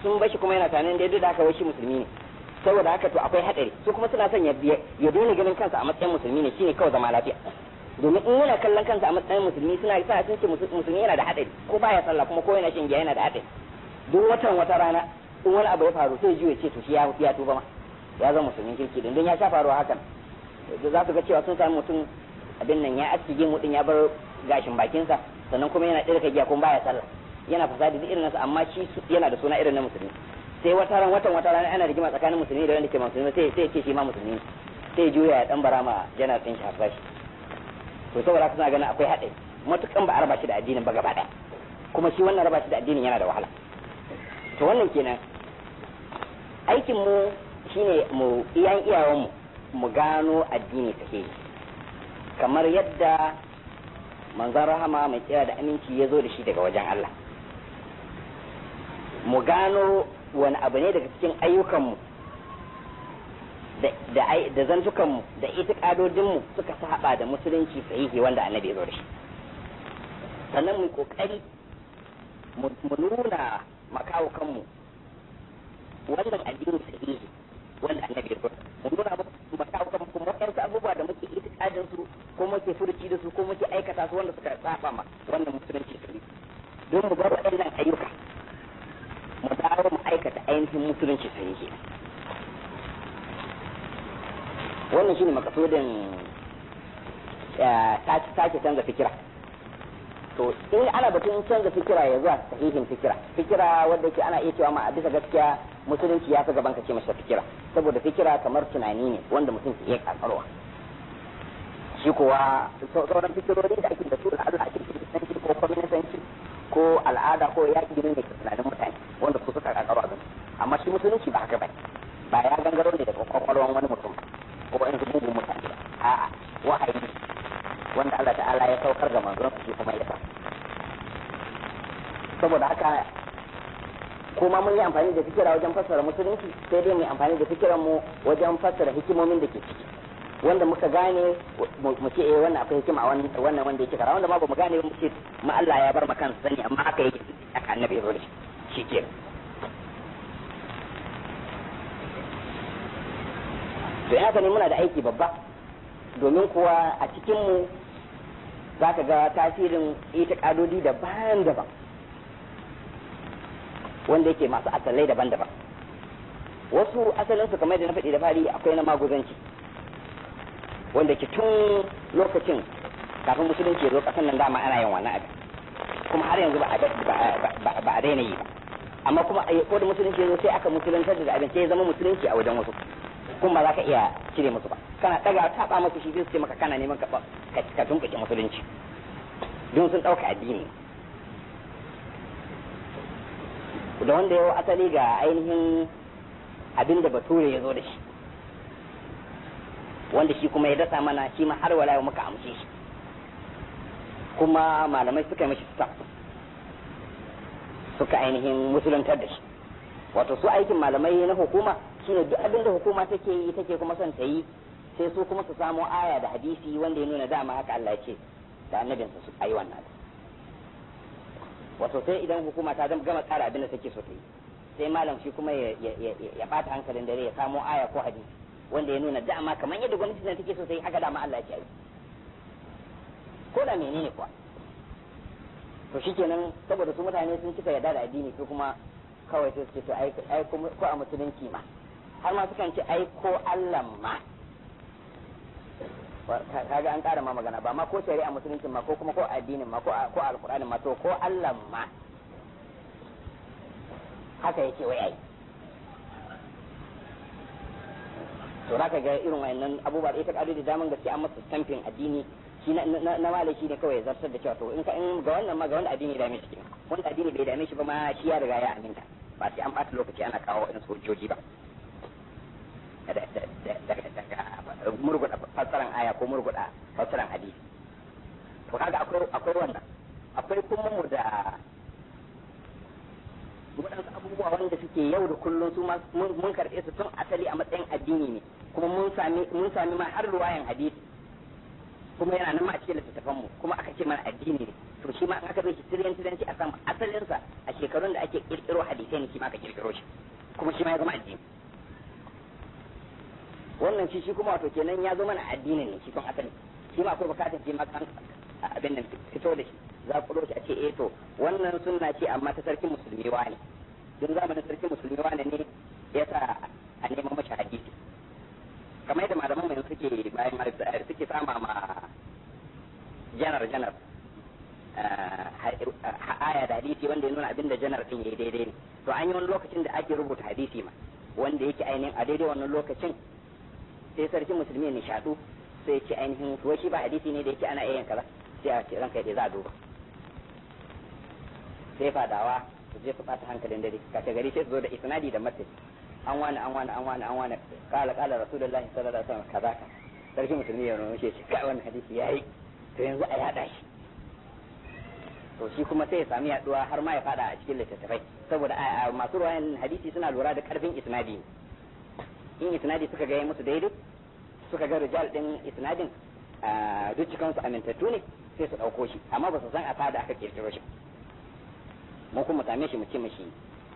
sun bashi kuma yana tanin dai duk da aka wai shi musulmi ne saboda haka to akwai hadari su kuma suna son ya ya daina ganin kansa a matsayin musulmi ne shine kawai zama lafiya domin in yana kallon kansa a matsayin musulmi suna sa sun ce musulmi yana da hadari ko baya sallah kuma ko yana shan giya yana da hadari duk watan wata rana in wani abu ya faru sai ji ya ce to shi ya ya tuba ma ya zama musulmin kirki din don ya sha faruwa hakan za su ga cewa sun sami mutum abin nan ya aski gemu din ya bar gashin bakinsa sannan kuma yana ɗirka giya kuma baya sallah yana fasadi duk irin nasa amma shi yana da suna irin na musulmi sai wata ran watan wata ran ana rigima tsakanin musulmi da wanda ke musulmi sai sai ce shi ma musulmi sai juya ya dan barama yana tsin shi to saboda suna ganin akwai haɗe matukan ba a raba shi da addinin ba gaba ɗaya kuma shi wannan raba shi da addinin yana da wahala to wannan kenan aikin mu shine mu iyan iyawan mu mu gano addini take kamar yadda manzon rahama mai kira da aminci ya zo da shi daga wajen Allah mu gano wani abu ne daga cikin ayyukanmu da zantukanmu da itikadodinmu suka saba da musulunci sahihi wanda annabi ya zo da shi sannan mu kokari mu nuna makawo kanmu wannan addini sahihi wanda annabi ya zo mu nuna makawo kanmu kuma waɗansu abubuwa da muke itikadin su ko muke furci da su ko muke aikata su wanda suka saba ma wannan musulunci sahihi don mu bar waɗannan ayyuka mu dawo mu aikata ainihin musulunci sai yake wannan shine makasudin sake canza fikira to in ana batun canza fikira ya zuwa sahihin fikira fikira wanda yake ana iya cewa ma a bisa gaskiya musulunci ya fi gaban ka ce masa fikira saboda fikira kamar tunani ne wanda mutum ke iya karwa shi kuwa sauran fikirori da ake da su al'adu a cikin ko kwaminisanci ko al'ada ko yaƙi ne ke tunanin mutane wanda ku suka kakaro abin amma shi musulunci ba haka ba ba ya gangaro ne da kwakwalwan wani mutum ko wani gugun mutane ba a'a wahayi wanda Allah ta'ala ya saukar ga manzon su kuma ya saboda haka kuma mun yi amfani da fikira wajen fassara musulunci sai dai mu amfani da fikiran mu wajen fassara hikimomin da ke ciki wanda muka gane mu ce eh wannan akwai hikima wannan wanda yake kara wanda ma ba mu gane mu ce ma Allah ya bar makan sani amma haka yake annabi ibrahim shikin to ya haka ne muna da aiki babba domin kuwa a cikinmu za ka ga tasirin ita ƙadodi daban-daban wanda yake masu asalai daban-daban wasu asalinsu kamar da na faɗi da fari akwai na maguzanci wanda ke tun lokacin kafin musulunci ya zo ƙasar nan dama ana yin wannan abin kuma har yanzu ba a daina yi ba amma kuma a ko da musulunci yanzu sai aka musuluntar da abin ya zama musulunci a wajen wasu kuma ba za ka iya cire musu ba kana daga taba musu shi sai maka kana neman ka tunkuke musulunci don sun dauka addini da wanda ya asali ga ainihin abin da bature ya zo da shi wanda shi kuma ya dasa mana shi ma har wala muka amshe shi kuma malamai suka yi mashi ta suka ainihin musuluntar da shi wato su aikin malamai na hukuma shine duk abin da hukuma take yi take kuma son ta yi sai su kuma su samo aya da hadisi wanda ya nuna dama haka Allah ya ce da annabin su ayi wannan wato sai idan hukuma ta gama tsara abin da take so ta yi sai malam shi kuma ya bata hankalin dare ya samo aya ko hadisi wanda ya nuna dama kamar yadda gwamnati take so ta yi haka dama Allah ya ce ko da menene kuwa to shikenan saboda su mutane sun cika yarda da addini su kuma kawai sai suke to ai ko a musulunci ma har ma sukan ce ai ko Allah ma kaga an ƙara ma magana ba ma ko shari'a musulunci ma ko kuma ko addinin ma ko ko alqur'ani ma to ko Allah ma haka yake wai ai to zaka ga irin wayannan abubuwa ita ka da daman gaske an masa tantin addini shi na maliki ne kawai zartar da cewa to in ka in ga wannan ma ga wanda addini dame shi wanda addini bai dame shi ba ma shi ya riga ya aminta ba sai an bata lokaci ana kawo irin sojoji ba murguda fassaran aya ko murguda fassaran hadisi to kaga akwai akwai wannan akwai kuma mu da waɗansu abubuwa wanda suke yau da kullum su mun karɓe su tun asali a matsayin addini ne kuma mun sami mun sami ma har ruwayan hadisi kuma yana nan ma a cikin littattafan mu kuma aka ce mana addini ne to shi ma an aka shi sirrin sirrin a samu asalin sa a shekarun da ake kirkiro hadisai ne shi ma aka kirkiro shi kuma shi ma ya zama addini wannan shi shi kuma wato kenan ya zo mana addini ne shi kun asali shi ma akwai bukatar shi ma kan abin da fito da shi za ku shi a ce eh to wannan sunna ce amma ta sarkin musulmi ne don zamanin sarkin musulmi wane ne yasa a neman mashi hadisi kamar yadda malaman mu yanzu suke bayan marisa eh, suke sama ma janar janar eh, aya da hadisi wanda ya nuna abinda janar din yayi daidai ne to an yi wani lokacin da ake rubuta hadisi ma wanda yake ainihin a daidai wannan lokacin sai sarki musulmi ya nishadu sai ce ainihin to shi ba hadisi ne da yake ana yayin kaza sai a ce ranka dai za a duba sai fadawa su je su ɓata hankalin dare kace gari sai su zo da isnadi da matsayi an wani an wani an wani an wani kala kala rasulullah sallallahu alaihi wasallam kaza ka sarki musulmi ya nuna shi kai wannan hadisi yayi to yanzu a yada shi to shi kuma sai ya sami yaduwa har ma ya fada a cikin littattafai saboda masu ruwayan hadisi suna lura da karfin isnadi in isnadi suka ga musu daidai suka ga rijal din isnadin duk cikansu amintattu ne sai su dauko shi amma ba su san a fada aka kirkiro shi mu kuma same shi mu ce mishi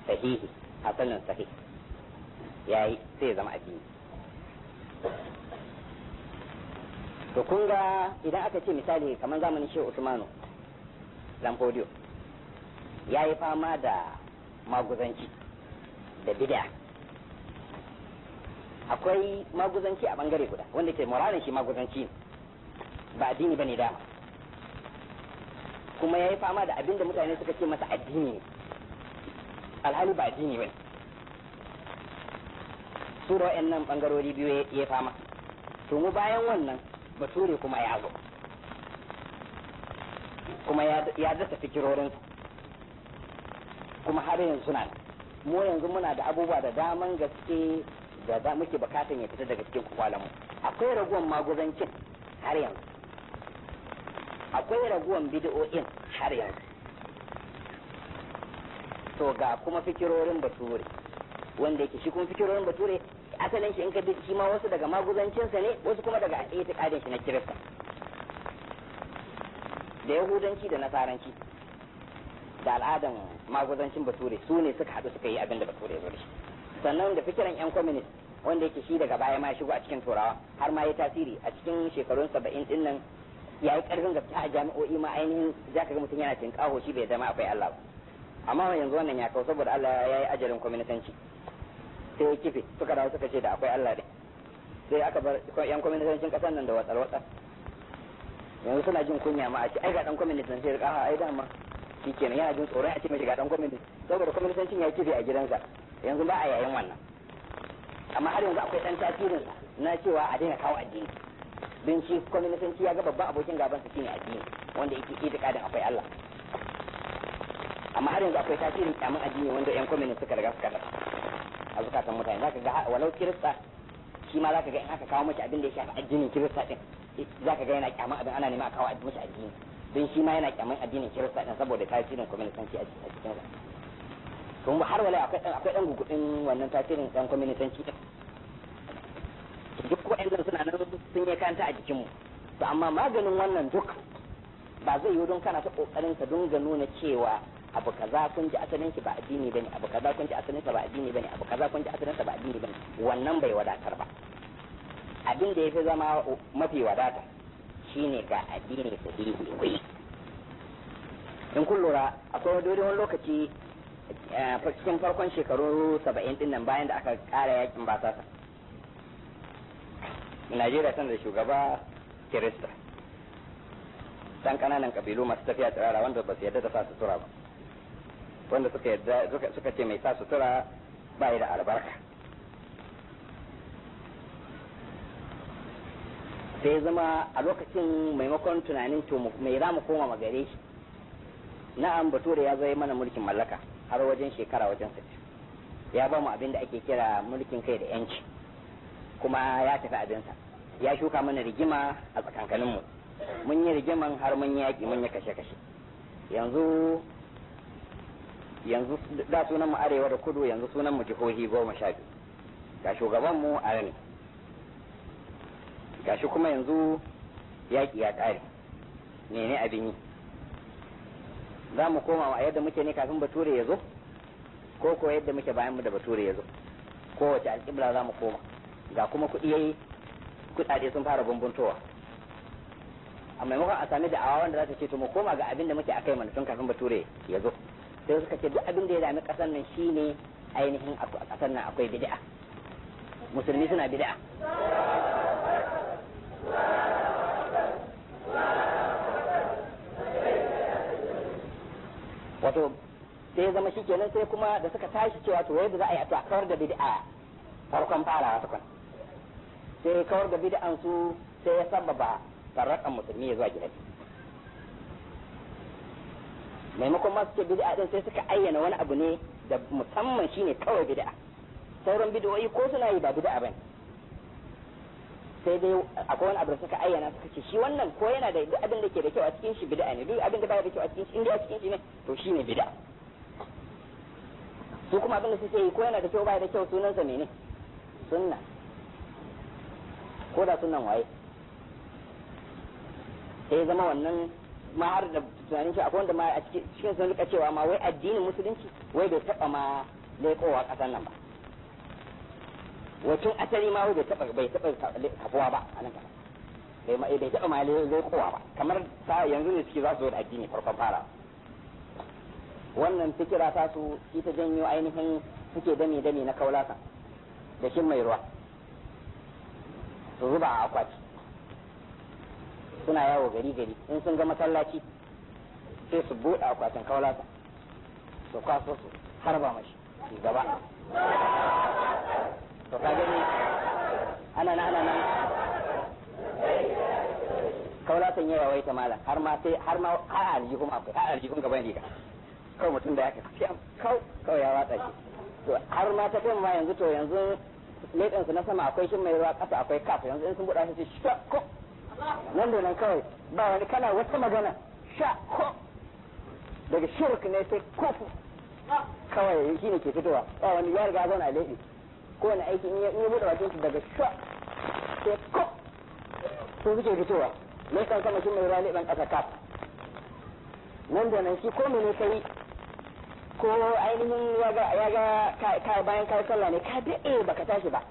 sahihi hasanan sahihi yayi sai ya zama addini to kun ga idan aka ce misali kamar zamanin shehu usmanu lampodio ya yi fama da maguzanci da bid'a akwai maguzanci a bangare guda wanda ke muranin shi maguzanci ba addini ba ne dama kuma ya yi fama da abin da mutane suka ce masa addini ne alhali ba addini ba ne. sura da wa'annan bangarori biyu ya fama to mu bayan wannan bature kuma ya zo kuma ya dasa fikirorin kuma har yanzu suna mu yanzu muna da abubuwa da daman gaske da za muke bukatan ya fita daga cikin kwakwalamu akwai raguwan maguzancin har yanzu akwai raguwan bidiyo'in har yanzu to ga kuma fikirorin bature wanda yake shi kuma fikirorin bature asalin shi in ka bi shi ma wasu daga maguzancinsa ne wasu kuma daga kadin shi na kirista da yahudanci da nasaranci da al'adan maguzancin bature su ne suka haɗu suka yi abin da bature ya shi sannan da fikiran yan communist wanda yake shi daga baya ma ya shigo a cikin turawa har ma ya tasiri a cikin shekarun saba'in din nan ya yi ƙarfin gaske a jami'o'i ma ainihin za ka ga mutum yana tinƙaho shi bai zama akwai Allah ba amma yanzu wannan ya kawo saboda Allah ya yi ajalin kwaminisanci sai ya kife suka dawo suka ce da akwai Allah ne sai aka bar yan kwamitancin kasan nan da watsar watsar yanzu suna jin kunya ma a ce ai ga dan kwamitin sai rika ai dama shikenan yana jin tsoron a ce mai ga dan kwamitin saboda kwamitancin ya kife a gidansa yanzu ba a yayin wannan amma har yanzu akwai dan tasirin na cewa a daina kawo addini don shi ya ga babban abokin gaban su shine addini wanda yake itikadin akwai Allah amma har yanzu akwai tasirin kyamun addini wanda yan kwamitin suka riga suka rasa a zukatan mutane zaka ga walau kirista shi ma zaka ga in aka kawo mashi abin da ya shafi addinin kirista din zaka ga yana kyaman abin ana nema a kawo mace addini don shi ma yana kyaman addinin kirista din saboda tasirin kwaminisanci a cikin sa to har wala akwai akwai dan gugudin wannan tasirin dan kwaminisanci din duk waɗannan suna nan sun yi kanta a jikinmu to amma maganin wannan duk ba zai yi don kana ta kokarin ka dunga nuna cewa abu kaza kun ji asalin shi ba addini bane abu kaza kun ji asalin sa ba addini bane abu kaza kun ji asalin sa ba addini bane wannan bai wadatar ba abin da yafi zama mafi wadata shine ga addini sahihi wai in kun lura akwai dole wani lokaci eh, cikin farkon shekaru saba'in din nan bayan da aka kara yakin basasa Najeriya tana da shugaba Kirista. Dan kananan kabilu masu tafiya tsirara wanda ba su yarda da sa tura ba. wanda suka ce mai sa sutura bai da albarka sai zama a lokacin maimakon tunanin to mai za mu koma magare shi na'am bature ya zai mana mulkin mallaka har wajen shekara wajen sati ya ba mu abin da ake kira mulkin kai da yanci kuma ya tafi abinsa ya shuka mana rigima a tsakankaninmu mun yi rigiman har mun yaƙi mun yi kashe-kashe yanzu yanzu da sunan mu arewa da kudu yanzu sunan mu jihohi goma sha biyu ga shugaban mu a ga shi kuma yanzu yaƙi ya ƙare mene abin yi za mu koma a yadda muke ne kafin bature ya zo ko ko yadda muke bayan mu da bature ya zo kowace alƙibla za mu koma ga kuma kuɗi yayi kuɗaɗe sun fara bumbuntowa a maimakon a sami da awa wanda za ta ce to mu koma ga abin da muke kai mana tun kafin bature ya zo sai suka ce duk abin da ya dami kasar nan shine ainihin a kasar nan akwai bid'a musulmi suna bid'a wato sai zama shi kenan sai kuma da suka tashi cewa to yadda za a yi a kawar da bid'a farkon fara wata tukun sai kawar da bid'an su sai ya sababa farrakan musulmi ya zuwa gidaje maimakon masu ce bid'a din sai suka ayyana wani abu ne da musamman shine kawai bid'a sauran bid'o'i ko suna yi ba bid'a bane sai dai akwai wani abu da suka ayyana suka ce shi wannan ko yana da duk abin da ke da kyau a cikin shi bid'a ne duk abin da baya da kyau a cikin shi inda a cikin shi ne to shine bid'a su kuma abin da suke yi ko yana da kyau baya da kyau sunansa ne sunna ko da sunan waye sai zama wannan ma har da tunanin cewa akwai wanda ma a cikin sun rika cewa ma wai addinin musulunci wai bai taba ma laikowa ƙasar nan ba wacin asali ma bai taba bai taba kafuwa ba a nan bai ma bai taba ma laikowa ba kamar sa yanzu ne suke za su zo da addini farkon fara wannan fikira ta su ita janyo ainihin suke dame dame na kaulasa da shin mai ruwa su zuba a akwati suna yawo gari gari in sun ga masallaci sai su buɗe akwatin kaulasa su kwaso su harba mashi su gaba to ka gani ana nan ana nan ta malam har ma sai har ma har aljihun akwai har aljihun gaban riga kawai mutum da ya kafi kau kawai ya watsa shi to har ma ta kai ma yanzu to yanzu leɗin na sama akwai shin mai ruwa ƙasa akwai kafa yanzu in sun buɗa shi sha ko nan da nan kawai ba wani kana wata magana sha ko daga shirk ne sai kofu kawai shi ne ke fitowa ba wani ya riga zauna laifi ko wani aiki in ya buɗe bakin shi daga sha sai kof su suke fitowa mai kan sama shi mai rali ɗan ƙasa kaf nan da nan shi ko mene kai ko ainihin ya ga ka bayan kai sallah ne ka daɗe baka tashi ba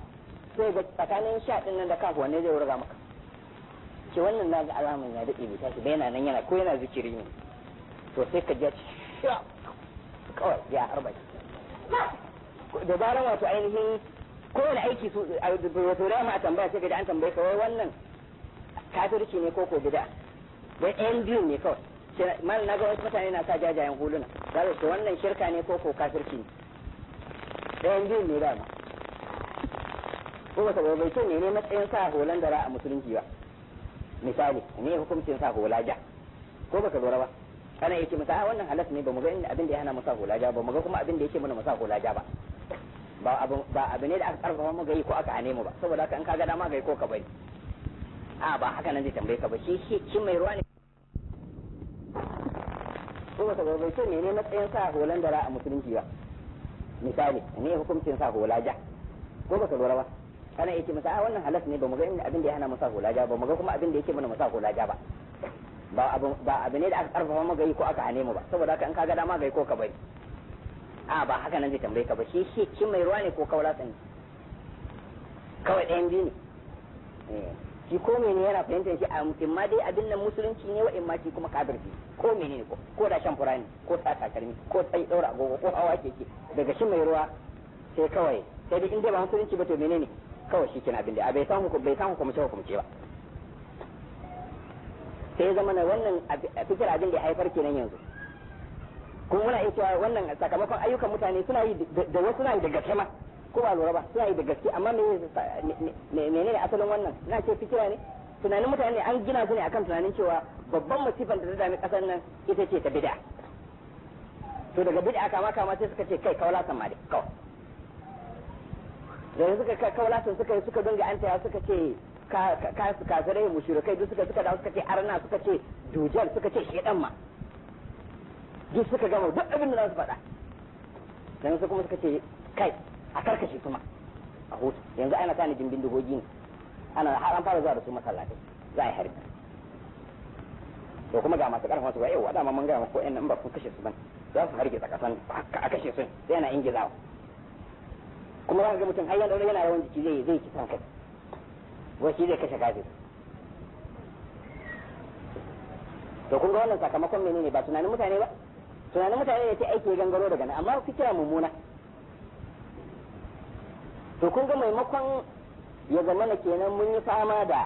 sai ga tsakanin sha ɗin nan da kaf wanne zai wurga maka ke wannan na ga alamun ya daɗe bai tashi bai yana nan yana ko yana zikiri ne to sai ka ji kawai ya arba'in da zarar wato ainihin kowane aiki su wato da ma tambaya sai ka ji an tambaye ka wai wannan kafirci ne ko ko gida wai ɗayan biyun ne kawai mal na ga wasu mutane na sa jajayen huluna za su wannan shirka ne ko ko kafirci ne ɗayan biyun ne dama ko ba saboda bai ce ne ne matsayin sa holan da ra a musulunci ba misali ne hukuncin sa hola ja ko ba ka lura ba kana yake masa a ah, wannan halas ne ba mu ga inda abin da ya hana masa hula ja ba mu ga kuma abin da yake mana masa hula ja ba ba abu ba abu ne da aka karfafa mu yi ko aka hane mu ba saboda haka in ka ga dama yi ko ka bari a ba haka nan zai tambaye ka ba shi shi kin mai ruwa ne ko ba saboda bai ce ne matsayin sa holan dara a musulunci ba misali ne hukuncin sa hula ja ko ba lura ba kana yake masa a ah, wannan halas ne ba mu ga inda abin da ya hana masa hula ja ba mu ga kuma abin da yake mana masa hula ja ba ba abu ne da aka karfafa maka yi ko aka hane mu ba saboda haka in ka ga dama ga yi ko ka bari a ba haka nan zai tambaye ka ba shi shi kin mai ruwa ne ko kawla sani kawai ɗayan biyu ne eh, shi ko mene yana fahimtar shi a imma dai abin nan musulunci ne wa imma shi kuma kafirci ko mene ne ko ko da shan ne ko sa takalmi ko tsayi daura agogo ko hawa keke daga shi mai ruwa sai kawai sai dai in dai ba musulunci ba to menene kawai shi kina abin da bai samu ku bai san hukumce hukumce ba sai ya zama na wannan fikir abin da ya haifar kenan yanzu kuma muna iya cewa wannan sakamakon ayyukan mutane suna yi da wasu suna yi da gaske ma ko ba lura ba suna yi da gaske amma me ne asalin wannan na ce fikira ne tunanin mutane an gina su ne akan tunanin cewa babban masifan da ta dami kasar nan ita ce ta bid'a to daga bid'a kama kama sai suka ce kai kawla san ma dai kawai da suka kawla san suka suka dinga an taya suka ce kafirai mushrikai duk suka suka da suka ce arna suka ce dujal suka ce shedan ma duk suka gama duk abin da za su faɗa dan su kuma suka ce kai a karkashe kuma a hoto yanzu ana sani jimbin dogogi ne ana har an fara zuwa da su masallatai za a yi harbi to kuma ga masu karfa su ba yau wadama mun ga ko ina nan ba kun kashe su ban za su harge tsakasan a kashe su sai yana ingizawa kuma za ka ga mutum har yana rawan jiki zai zai kisan kai wai shi zai kashe kafiri to kun ga wannan sakamakon menene ba tunanin mutane ba tunanin mutane ne ta aiki gangaro daga nan amma fikira mummuna to kun ga maimakon ya zama na kenan mun yi fama da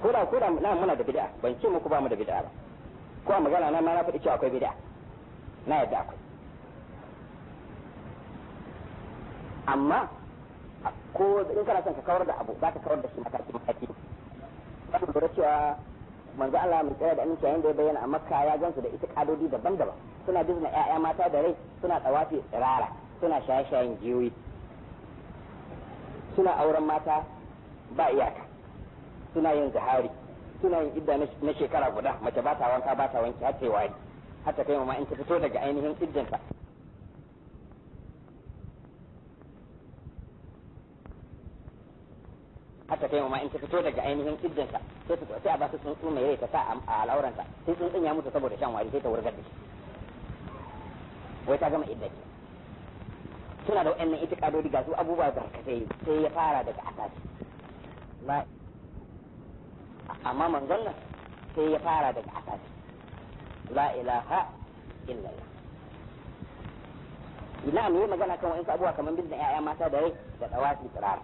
ko da ko na muna da bid'a ban ce muku ba mu da bid'a ba ko magana na ma na faɗi cewa akwai bid'a na yadda akwai amma ko in kana son ka kawar da abu za ka kawar da shi mataki mataki za lura cewa manzo Allah mai tsaya da aminci yayin da ya bayyana a Makka ya gansu da ita kadodi daban-daban suna bizna ƴaƴa mata da rai suna tsawafi tsirara suna shaye-shayen jiyoyi suna auren mata ba iyaka suna yin zahari suna yin idda na shekara guda mace ba ta wanka ba ta wanki har ta yi wari har ta kai ma in ta fito daga ainihin iddanta hatta kai ma in ta fito daga ainihin iddinsa sai ta sai a ba su tsuntsu mai rai ta sa a al'auransa sai tsuntsun ya mutu saboda shan wari sai ta wurgar da shi wai ta gama idda ce suna da wa'annan itikadodi ga su abubuwa da barkatai sai ya fara daga asasi amma manzon nan sai ya fara daga asasi la ilaha illallah ina ne magana kan wa'ansu abubuwa kamar bin da 'ya'ya mata da rai da tsawasi tsirara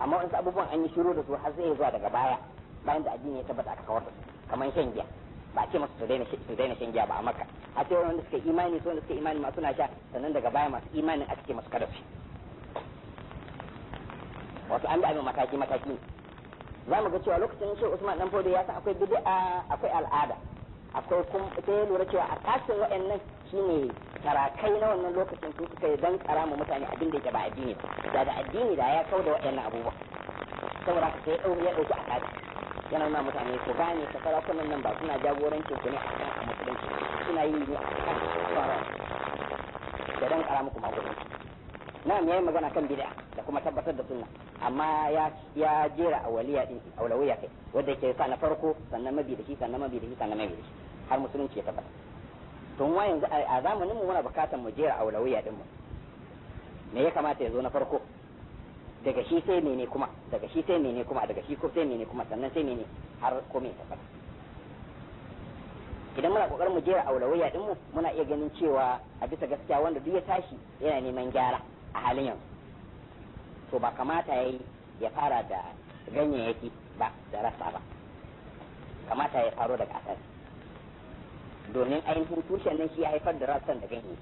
amma wasu abubuwan an yi shiru da su har sai zuwa daga baya bayan da addini ya tabbata aka kawar da su kamar shan giya ba a ce masu su daina shan giya ba a maka a ce wanda suka imani su wanda suka imani masu na sha sannan daga baya masu imanin a cike masu kada su wasu an da mataki mataki za mu ga cewa lokacin shi Usman dan Fodo ya san akwai bid'a akwai al'ada akwai kuma sai lura cewa a kasin wa'annan ne sarakai na wannan lokacin su suka yi don tsara mu mutane abin da ke ba addini ba da da addini da ya da waɗannan abubuwa saboda haka sai ɗau ya ɗauki akadi yana nuna mutane ko gane ka sarakunan nan ba suna jagorancin su ne a kan a musulunci suna yi ne a kan tsoron da don tsara muku magudanci na ya yayi magana kan bid'a da kuma tabbatar da sunna amma ya ya jera awaliya din aulawiya kai wanda ke sa na farko sannan mabi da shi sannan mabi da shi sannan mabi da shi har musulunci ya tabbata to wa yanzu a zamanin mu muna bukatar mu jera aulawiya din mu me ya kamata ya zo na farko daga shi sai mene kuma daga shi sai mene kuma daga shi sai mene kuma sannan sai mene har komai ta fara idan muna kokarin mu jera aulawiya din mu muna iya ganin cewa a bisa gaskiya wanda duk ya tashi yana neman gyara a halin yanzu to ba kamata yayi ya fara da ganyayyaki ba da rasa ba kamata ya faro daga asali domin ainihin tushen nan shi ya haifar da rassan da gani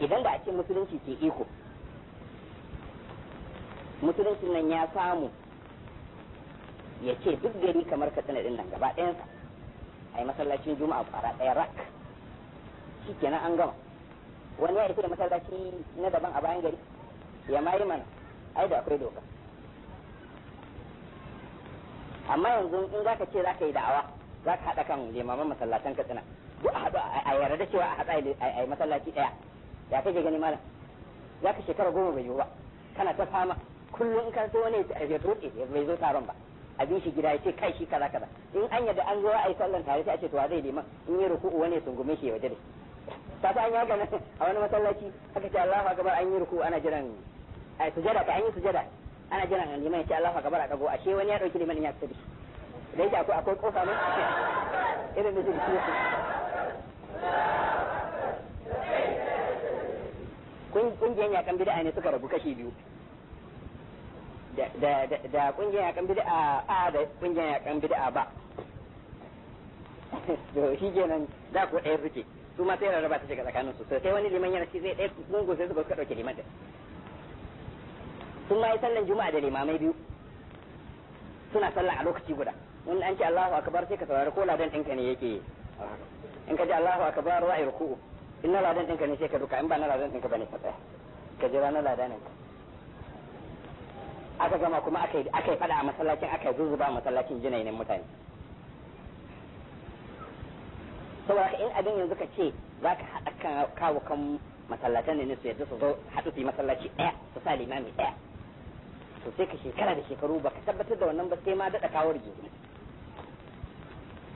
idan da a ce musulunci ke iko musulunci nan ya samu ya ce duk gari kamar ka tsanadin nan gaba ɗayansa a yi masallacin juma'a kwara ɗaya rak shi kenan an gama wani ya rufe da masallaci na daban a bayan gari ya ma yi mana ai da akwai doka amma yanzu in za ka ce za ka yi da'awa za ka haɗa kan limaman masallatan katsina duk a haɗu a yarda cewa a haɗa a yi masallaci ɗaya ya kake gani malam za ka shekara goma bai yiwu ba kana ta fama kullum in ka so wani ya tsoke eh, bai zo taron ba a bin shi gida ya ce kai shi kaza kaza in an yadda an zo a yi sallan tare sai a ce to zai liman in yi ruku'u wani ya sungume shi ya waje da shi ta ta an yaga a wani masallaci aka ce Allahu akbar an yi ruku'u ana jiran ai sujada ta an yi sujada ana jiran liman ya ce Allahu akbar a kago ashe wani ya dauki liman ya fita shi da yake akwai akwai kofa ne irin da jiki yake kun kungiyan yakan bid'a ne suka rabu kashi biyu da da kungiyan yakan bid'a a da kungiyan yakan bid'a ba to shi kenan da ko ɗaya suke su ma sai rarraba su shiga tsakanin su sai wani liman yana shi zai ɗaya gungun sai suka ɗauke liman da sun ma yi sallan juma'a da limamai biyu suna sallah a lokaci guda in an ce Allahu akbar sai ka saurari ko ladan ɗinka ne yake in ka ji Allahu akbar wa irku in na ladan ɗinka ne sai ka duka in ba na ladan ɗinka bane ka tsaya ka jira na ladan ka. aka gama kuma aka yi aka fada a masallacin aka yi zuzuba a masallacin jinainin mutane saboda haka in abin yanzu ka ce za ka haɗa kawo kan masallacin ne su yadda su zo haɗu su masallaci ɗaya su sa limami ɗaya to sai ka shekara da shekaru ba ka tabbatar da wannan ba sai ma daɗa kawo rigingine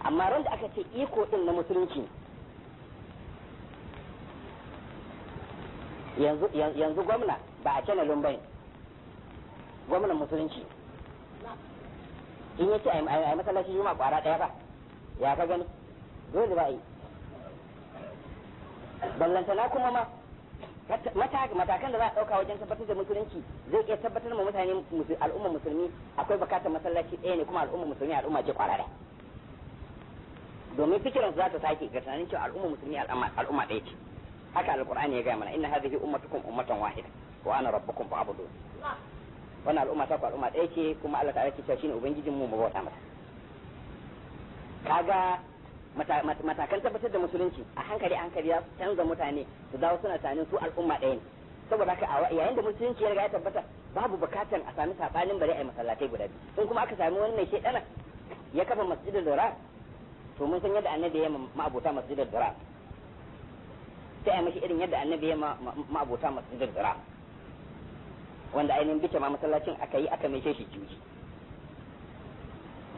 amma ran da aka ce iko din na musulunci yanzu gwamna ba a cana lumbai gwamnan musulunci in yace a yi masallaci juma kwara daya ba ya ka gani dole ba a yi ballantana kuma ma matakan da za a ɗauka wajen tabbatar da musulunci zai iya tabbatar ma mutane al'umma musulmi akwai bukatar masallaci ɗaya ne kuma al'umma musulmi al'umma ce kwara daya domin fikiran za ta sake ga tunanin cewa al'umma musulmi al'umma ɗaya ce haka alqur'ani ya gaya mana inna hadhihi ummatukum ummatan wahida wa ana rabbukum fa'budun wannan al'umma ta ku al'umma ɗaya ce kuma Allah ta'ala ke cewa shine ubangijin mu mu mata. masa kaga matakan tabbatar da musulunci a hankali hankali ya canza mutane su dawo suna tunanin su al'umma ɗaya ne saboda haka a yayin da musulunci ya riga ya tabbata babu bukatan a sami sabanin bare a masallatai guda biyu in kuma aka sami wani mai shedana ya kafa masjidul dora to mun san yadda annabi ya ma'abuta masjidar dara sai a mashi irin yadda annabi ya ma'abuta masjidar dara wanda ainihin bice ma masallacin aka yi aka maishe shi juji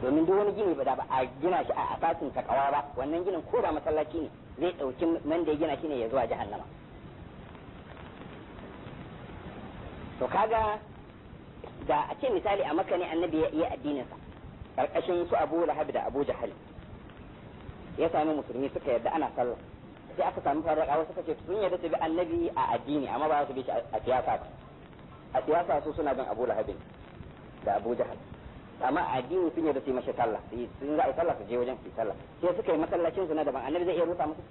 domin duk wani gini ba da ba a gina shi a asasin takawa ba wannan ginin ko ba masallaci ne zai ɗauki nan da ya gina shi ne ya zuwa jahannama to kaga da a ce misali a maka ne annabi ya yi addininsa ƙarƙashin su abu lahab da abu jahal ya sami musulmi suka yarda ana sallah sai aka sami faruwa wasu ce sun yarda su bi annabi a addini amma ba su bi shi a siyasa ba a siyasa su suna bin Abu Lahab da Abu Jahal amma a addini sun yarda su yi mashi sallah sun za a yi sallah su je wajen su yi sallah sai suka yi masallacin su na daban annabi zai iya rusa musu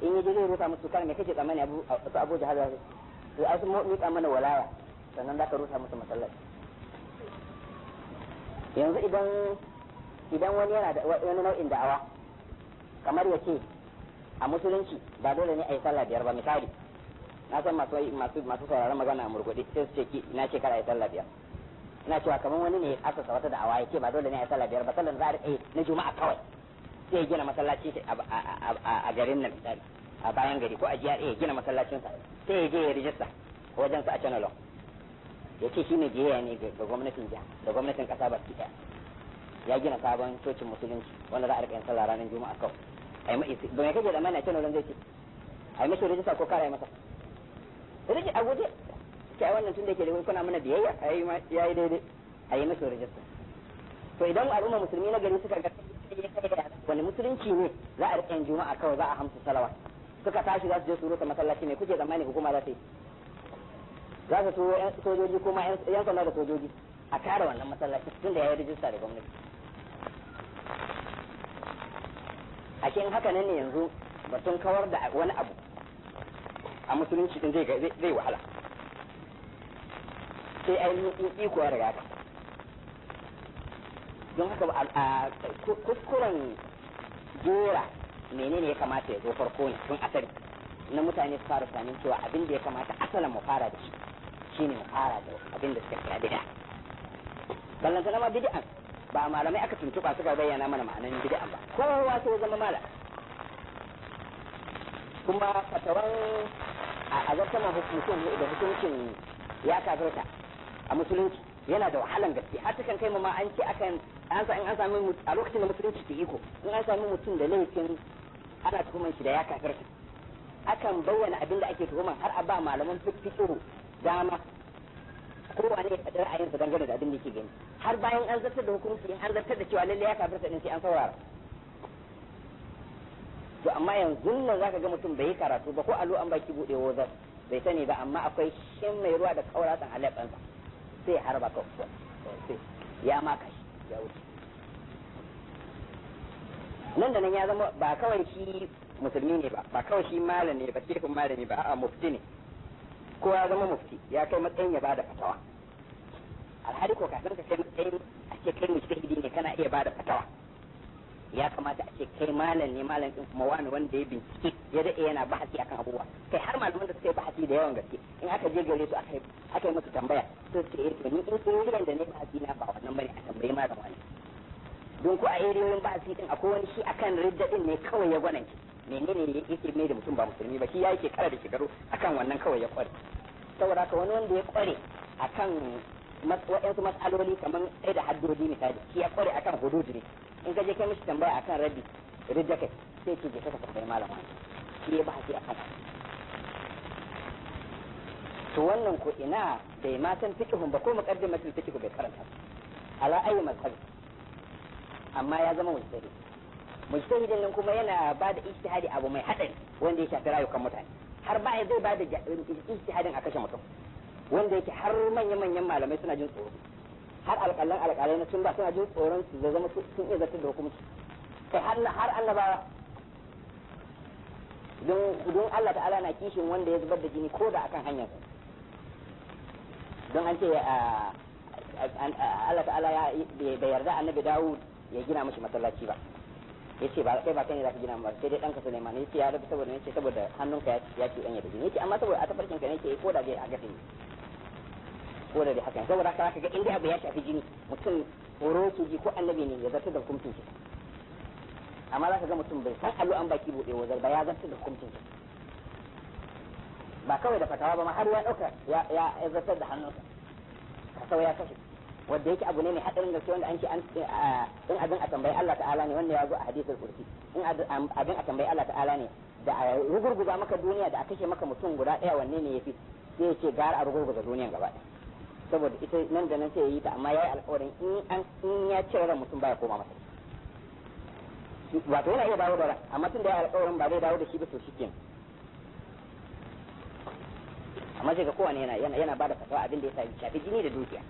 in yi zai rusa musu kan me kake tsammani su Abu Jahal ya to ai sun miƙa mana walaya sannan za ka rusa musu masallaci yanzu idan idan wani yana da wani nau'in da'awa kamar ya ce a musulunci ba dole ne a yi sallah biyar ba misali na san masu masu masu sauraron magana a murgudi sai su ce ki na ce kar a yi sallah biyar ina cewa kamar wani ne asasa wata da ya ce ba dole ne a yi sallah biyar ba sallan za a rike na juma'a kawai sai ya gina masallaci a garin nan misali a bayan gari ko a jihar ya gina masallacinsa sai ya je ya rijista wajen sa a channel ya ce shi ne biyayya ne ga gwamnatin jiya da gwamnatin kasa ba daya ya gina sabon cocin musulunci wanda za a rika yin sallah ranar juma'a kawai ai mai don ya kake da mana cewa zai ce ai mashi rijista ko kara masa riji a guje ke a wannan tun da yake da kuna mana biyayya ai ya yi daidai a yi mashi rijista to idan al'umma musulmi na gari suka ga wani musulunci ne za a riƙe juma'a kawai za a hamsu salawa suka tashi za su je su rusa masallaci ne kuke zamani hukuma za ta yi za su turo sojoji kuma yan sanda da sojoji a kare wannan masallaci tun da ya yi rijista da gwamnati a in haka nan ne yanzu batun kawar da wani abu a musulunci din zai zai wahala sai ainihin iko ya riga ka don haka a kuskuren gora menene ya kamata ya zo farko ne tun asali na mutane su fara sanin cewa abin da ya kamata asalin mu fara da shi shine mu fara da abin da suka kira bid'a ballan ma bid'an ba malamai aka tuntuba suka bayyana mana ma'anan bid'a ba kowa sai zama malam kuma fatawan a zartana hukuncin da hukuncin ya kafirta a musulunci yana da wahalan gaske har ta kai ma an ce akan an sa an sami a lokacin da musulunci ke iko in an sami mutum da laifin ana tuhuman shi da ya kafirta akan bayyana abin da ake tuhuman har a ba malaman fikiru dama kowane ya faɗi ra'ayinsa dangane da abin da yake gani har bayan an zartar da hukunci an zartar da cewa lallai ya kafirta din sai an saurara to amma yanzu nan zaka ga mutum bai yi karatu ba ko allo an baki bude wazar bai sani ba amma akwai shin mai ruwa da kaura san alaƙansa sai har ba kawai sai ya maka shi ya wuce nan da nan ya zama ba kawai shi musulmi ne ba ba kawai shi malami ne ba shekun malami ba a mufti ne ko ya zama mufti ya kai matsayin ya bada fatawa alhali ko kafin ka kai matsayin a ce kai mujtahidi ne kana iya bada fatawa ya kamata a ce kai malam ne malam din kuma wani wanda ya bincike ya dade yana bahasi akan abubuwa kai har malaman da suka yi bahasi da yawan gaske in aka je gare su aka aka yi musu tambaya to suke yi eh, to ni in sun yi da ne bahasi na ba wannan bane a tambayi malam wani don ko a irin bahasi din akwai wani shi akan ridda din ne kawai ya ki menene yake ne da mutum ba musulmi ba shi ya yake kara da shigaru akan wannan kawai ya kware saboda ka wani wanda ya kware akan waɗansu matsaloli kamar sai da haddodi misali shi ya kware akan hududi ne in ka je kai mishi tambaya akan rabi ridda kai sai ke jika ka tambayi malama shi ya ba shi akan to wannan ko ina bai ma san fiqhun ba ko muqaddimatul fiqh bai karanta ala ayi mazhabi amma ya zama wajibi mujtahidin nan kuma yana ba da ijtihadi abu mai hadari wanda ya shafi rayukan mutane har ba zai ba da ijtihadin a kashe mutum wanda yake har manya manyan malamai suna jin tsoro har alƙalan alƙalai na tun suna jin tsoron su zama sun iya zartar da hukumci kai har annabawa don Allah ta'ala na kishin wanda ya zubar da jini ko da akan hanyar don an ce Allah ta'ala bai yarda annabi Dawud ya gina mashi masallaci ba yace ba kai ba kai ne zaka gina ba sai dai danka Sulaiman yace ya rabu saboda yace saboda hannunka ya ya ci danya ya bijin yace amma saboda a tafarkin ka nake ko da dai a gafe ko da dai haka saboda haka zaka ga inda abu ya shafi jini mutum horo ki ji ko annabi ne ya zarta da hukuncin shi amma zaka ga mutum bai san allo an baki bude wazar ba ya zarta da hukuncin shi ba kawai da fatawa ba ma har ya dauka ya ya zartar da hannunka ka sauya ya kashe wanda yake abu ne mai hadarin gaske wanda an ce eh, in abin a tambayi Allah ta'ala ne wanda ya zo a hadisul kursi in abin a tambayi Allah ta'ala ne da a rugurguza maka duniya da a kashe maka mutum guda daya wanne ne yafi sai ya ce gara a rugurguza duniyan gaba ɗaya saboda ita nan da nan sai ya yi ta amma ya yi alƙawarin in an in ya ce ran mutum baya koma masa wato yana iya dawo da ran amma tun da ya alƙawarin ba zai dawo da shi ba to shikin amma sai ga kowane yana yana bada fatawa abin da ya shafi jini da dukiya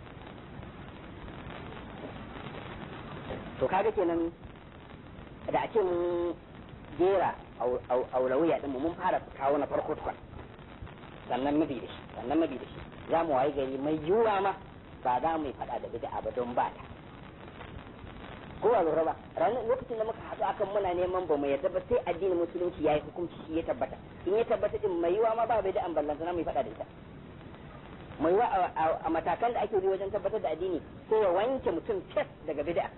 to kaga kenan da ake ce mun gera aulawiya din mun fara kawo na farko tukun sannan mabi da shi sannan mabi da shi za mu wayi gari mai yiwuwa ma ba za mu yi faɗa da bid'a ba don ba ta ko ba lura ba ranar lokacin da muka haɗu akan muna neman ba mu yarda ba sai addinin musulunci yayi hukunci shi ya tabbata in ya tabbata din mai yiwuwa ma ba an ballanta na mu yi faɗa da ita mai wa a matakan da ake yi wajen tabbatar da addini sai ya wanke mutum fes daga bid'a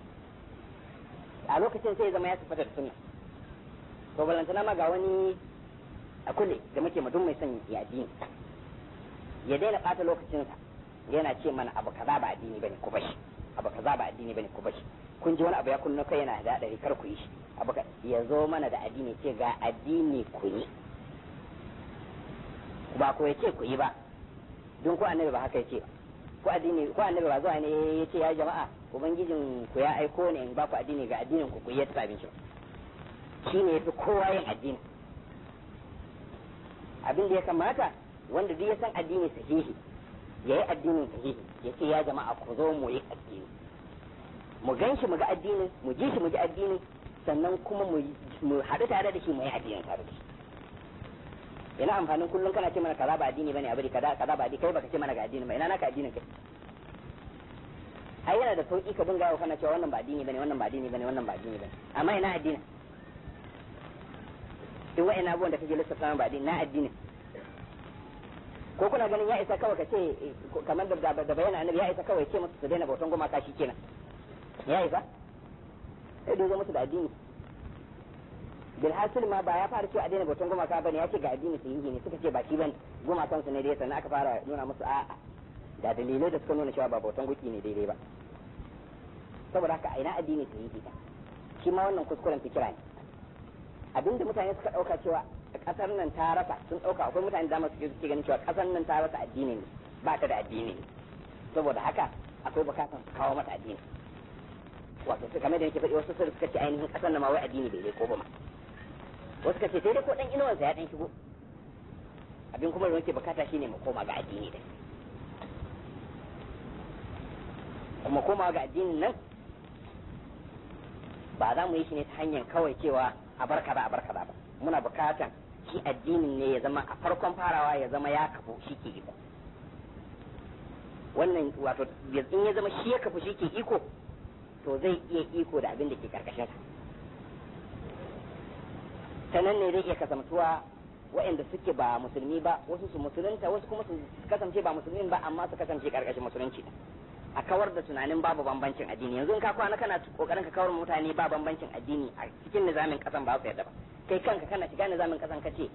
a lokacin sai zama ya tabbata da sunna to balantana ma ga wani a kule da muke mutum mai son ya addini ya daina ɓata lokacinsa yana ce mana abu kaza ba addini bane ku bashi abu kaza ba addini bane ku bashi kun ji wani abu ya kunna kai yana da dare kar ku yi shi abu ya zo mana da addini ce ga addini ku yi ba ko yace ku yi ba don ko annabi ba haka yace ko addini ko annabi ba zuwa ne yace ya jama'a ubangijin ku ya aiko ne in ba ku addini ga addinin ku ku yi ta abinci shi ne yafi kowa yin addini abin da ya kamata wanda duk ya san addini sahihi ya yi addinin sahihi yace ya jama'a ku zo mu yi addini mu ganshi mu ga addini mu ji shi mu ji addini sannan kuma mu haɗu tare da shi mu yi addinin tare da shi ina amfanin kullum kana ce mana kaza ba addini bane a kaza kaza ba addini kai baka ce mana ga addini ba ina naka addinin kai ai yana da sauki ka dinga yau kana cewa wannan ba addini bane wannan ba addini bane wannan ba addini bane amma ina addini duk wa'ina abubuwan da kake lissafa ba addini na addini ko kuna ganin ya isa kawai ka ce kamar da bayanan annabi ya isa kawai ce musu su daina bautan gumaka shi kenan ya isa sai dogo musu da addini hasil ma ba ya fara cewa a daina bautan gumaka bane ya ce ga addini su yi ne suka ce ba shi bane gumakan kansu ne dai sannan aka fara nuna musu a'a da dalilai da suka nuna cewa ba bautan guki ne daidai ba saboda haka a ina addini ta yi ta shi ma wannan kuskuren fikira ne abinda mutane suka dauka cewa kasar nan ta rasa sun dauka akwai mutane da masu suke ganin cewa kasar nan ta rasa addini ne ba ta da addini ne saboda haka akwai bukatar su kawo mata addini wato su kamar da yake faɗi wasu sun suka ce ainihin kasar nan ma wai addini bai ko ba ma wasu ka ce sai dai ko dan inuwansa ya dan shigo abin kuma da muke bukata shine mu koma ga addini da kuma koma ga addinin nan ba za mu yi shi ne ta hanyar kawai cewa a bar kaza a bar kaza ba muna bukatan shi addinin ne ya zama a farkon farawa ya zama ya kafu shi ke iko wannan wato in ya zama shi ya kafu shi ke iko to zai iya iko da abin da ke karkashin sa sanan ne zai iya kasantuwa waɗanda suke ba musulmi ba wasu su musulunta wasu kuma su kasance ba musulmin ba amma su kasance karkashin musulunci a kawar da tunanin babu bambancin addini yanzu in ka kwana kana kokarin ka kawar mutane ba bambancin addini a cikin nizamin kasan ba su yadda ba kai kanka kana shiga nizamin kasan ka ce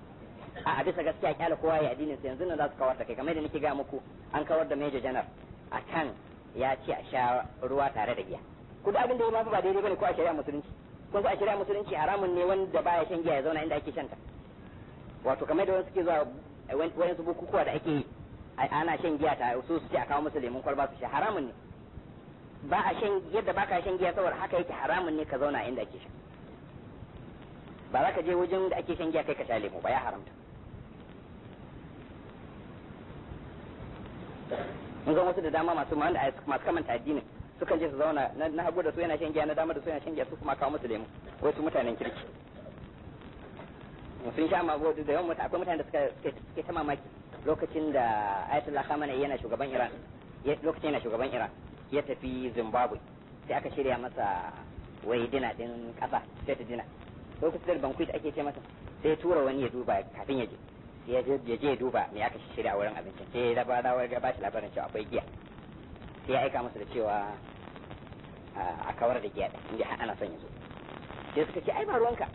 a bisa gaskiya kyala kowa ya addinin sa yanzu nan za su kawar da kai kamar da nake ga muku an kawar da major janar a kan ya ce a sha ruwa tare da giya ku abin da ya mafi ba daidai bane ko a shari'a musulunci kun a shari'a musulunci haramun ne wanda baya shan giya ya zauna inda ake shanta wato kamar da wani suke zuwa wani su bukukuwa da ake yi ana shan giya ta su su ce a kawo musu lemun kwalba su sha haramun ne ba a shan yadda baka shan giya saboda haka yake haramun ne ka zauna inda ake shan ba za ka je wajen da ake shan giya kai ka sha lemu ba ya haramta mun ga wasu da dama masu wanda masu kamanta addinin sukan je su zauna na hagu da su yana shan giya na dama da su yana shan giya su kuma kawo musu lemu wasu mutanen kirki sun sha mago da yawan mutane akwai mutane da suka suke ta mamaki lokacin da Ayatollah Khamenei yana shugaban Iran lokacin yana shugaban Iran ya tafi Zimbabwe sai aka shirya masa wai dina din kasa sai ta dina lokacin da banquet ake ce masa sai tura wani ya duba kafin ya je ya je ya duba me aka shirya a wurin abincin sai ya labarawa ga bashi labarin cewa akwai giya sai ya aika masa da cewa a kawar da giya inda ana son ya zo sai suka ce ai ba ruwanka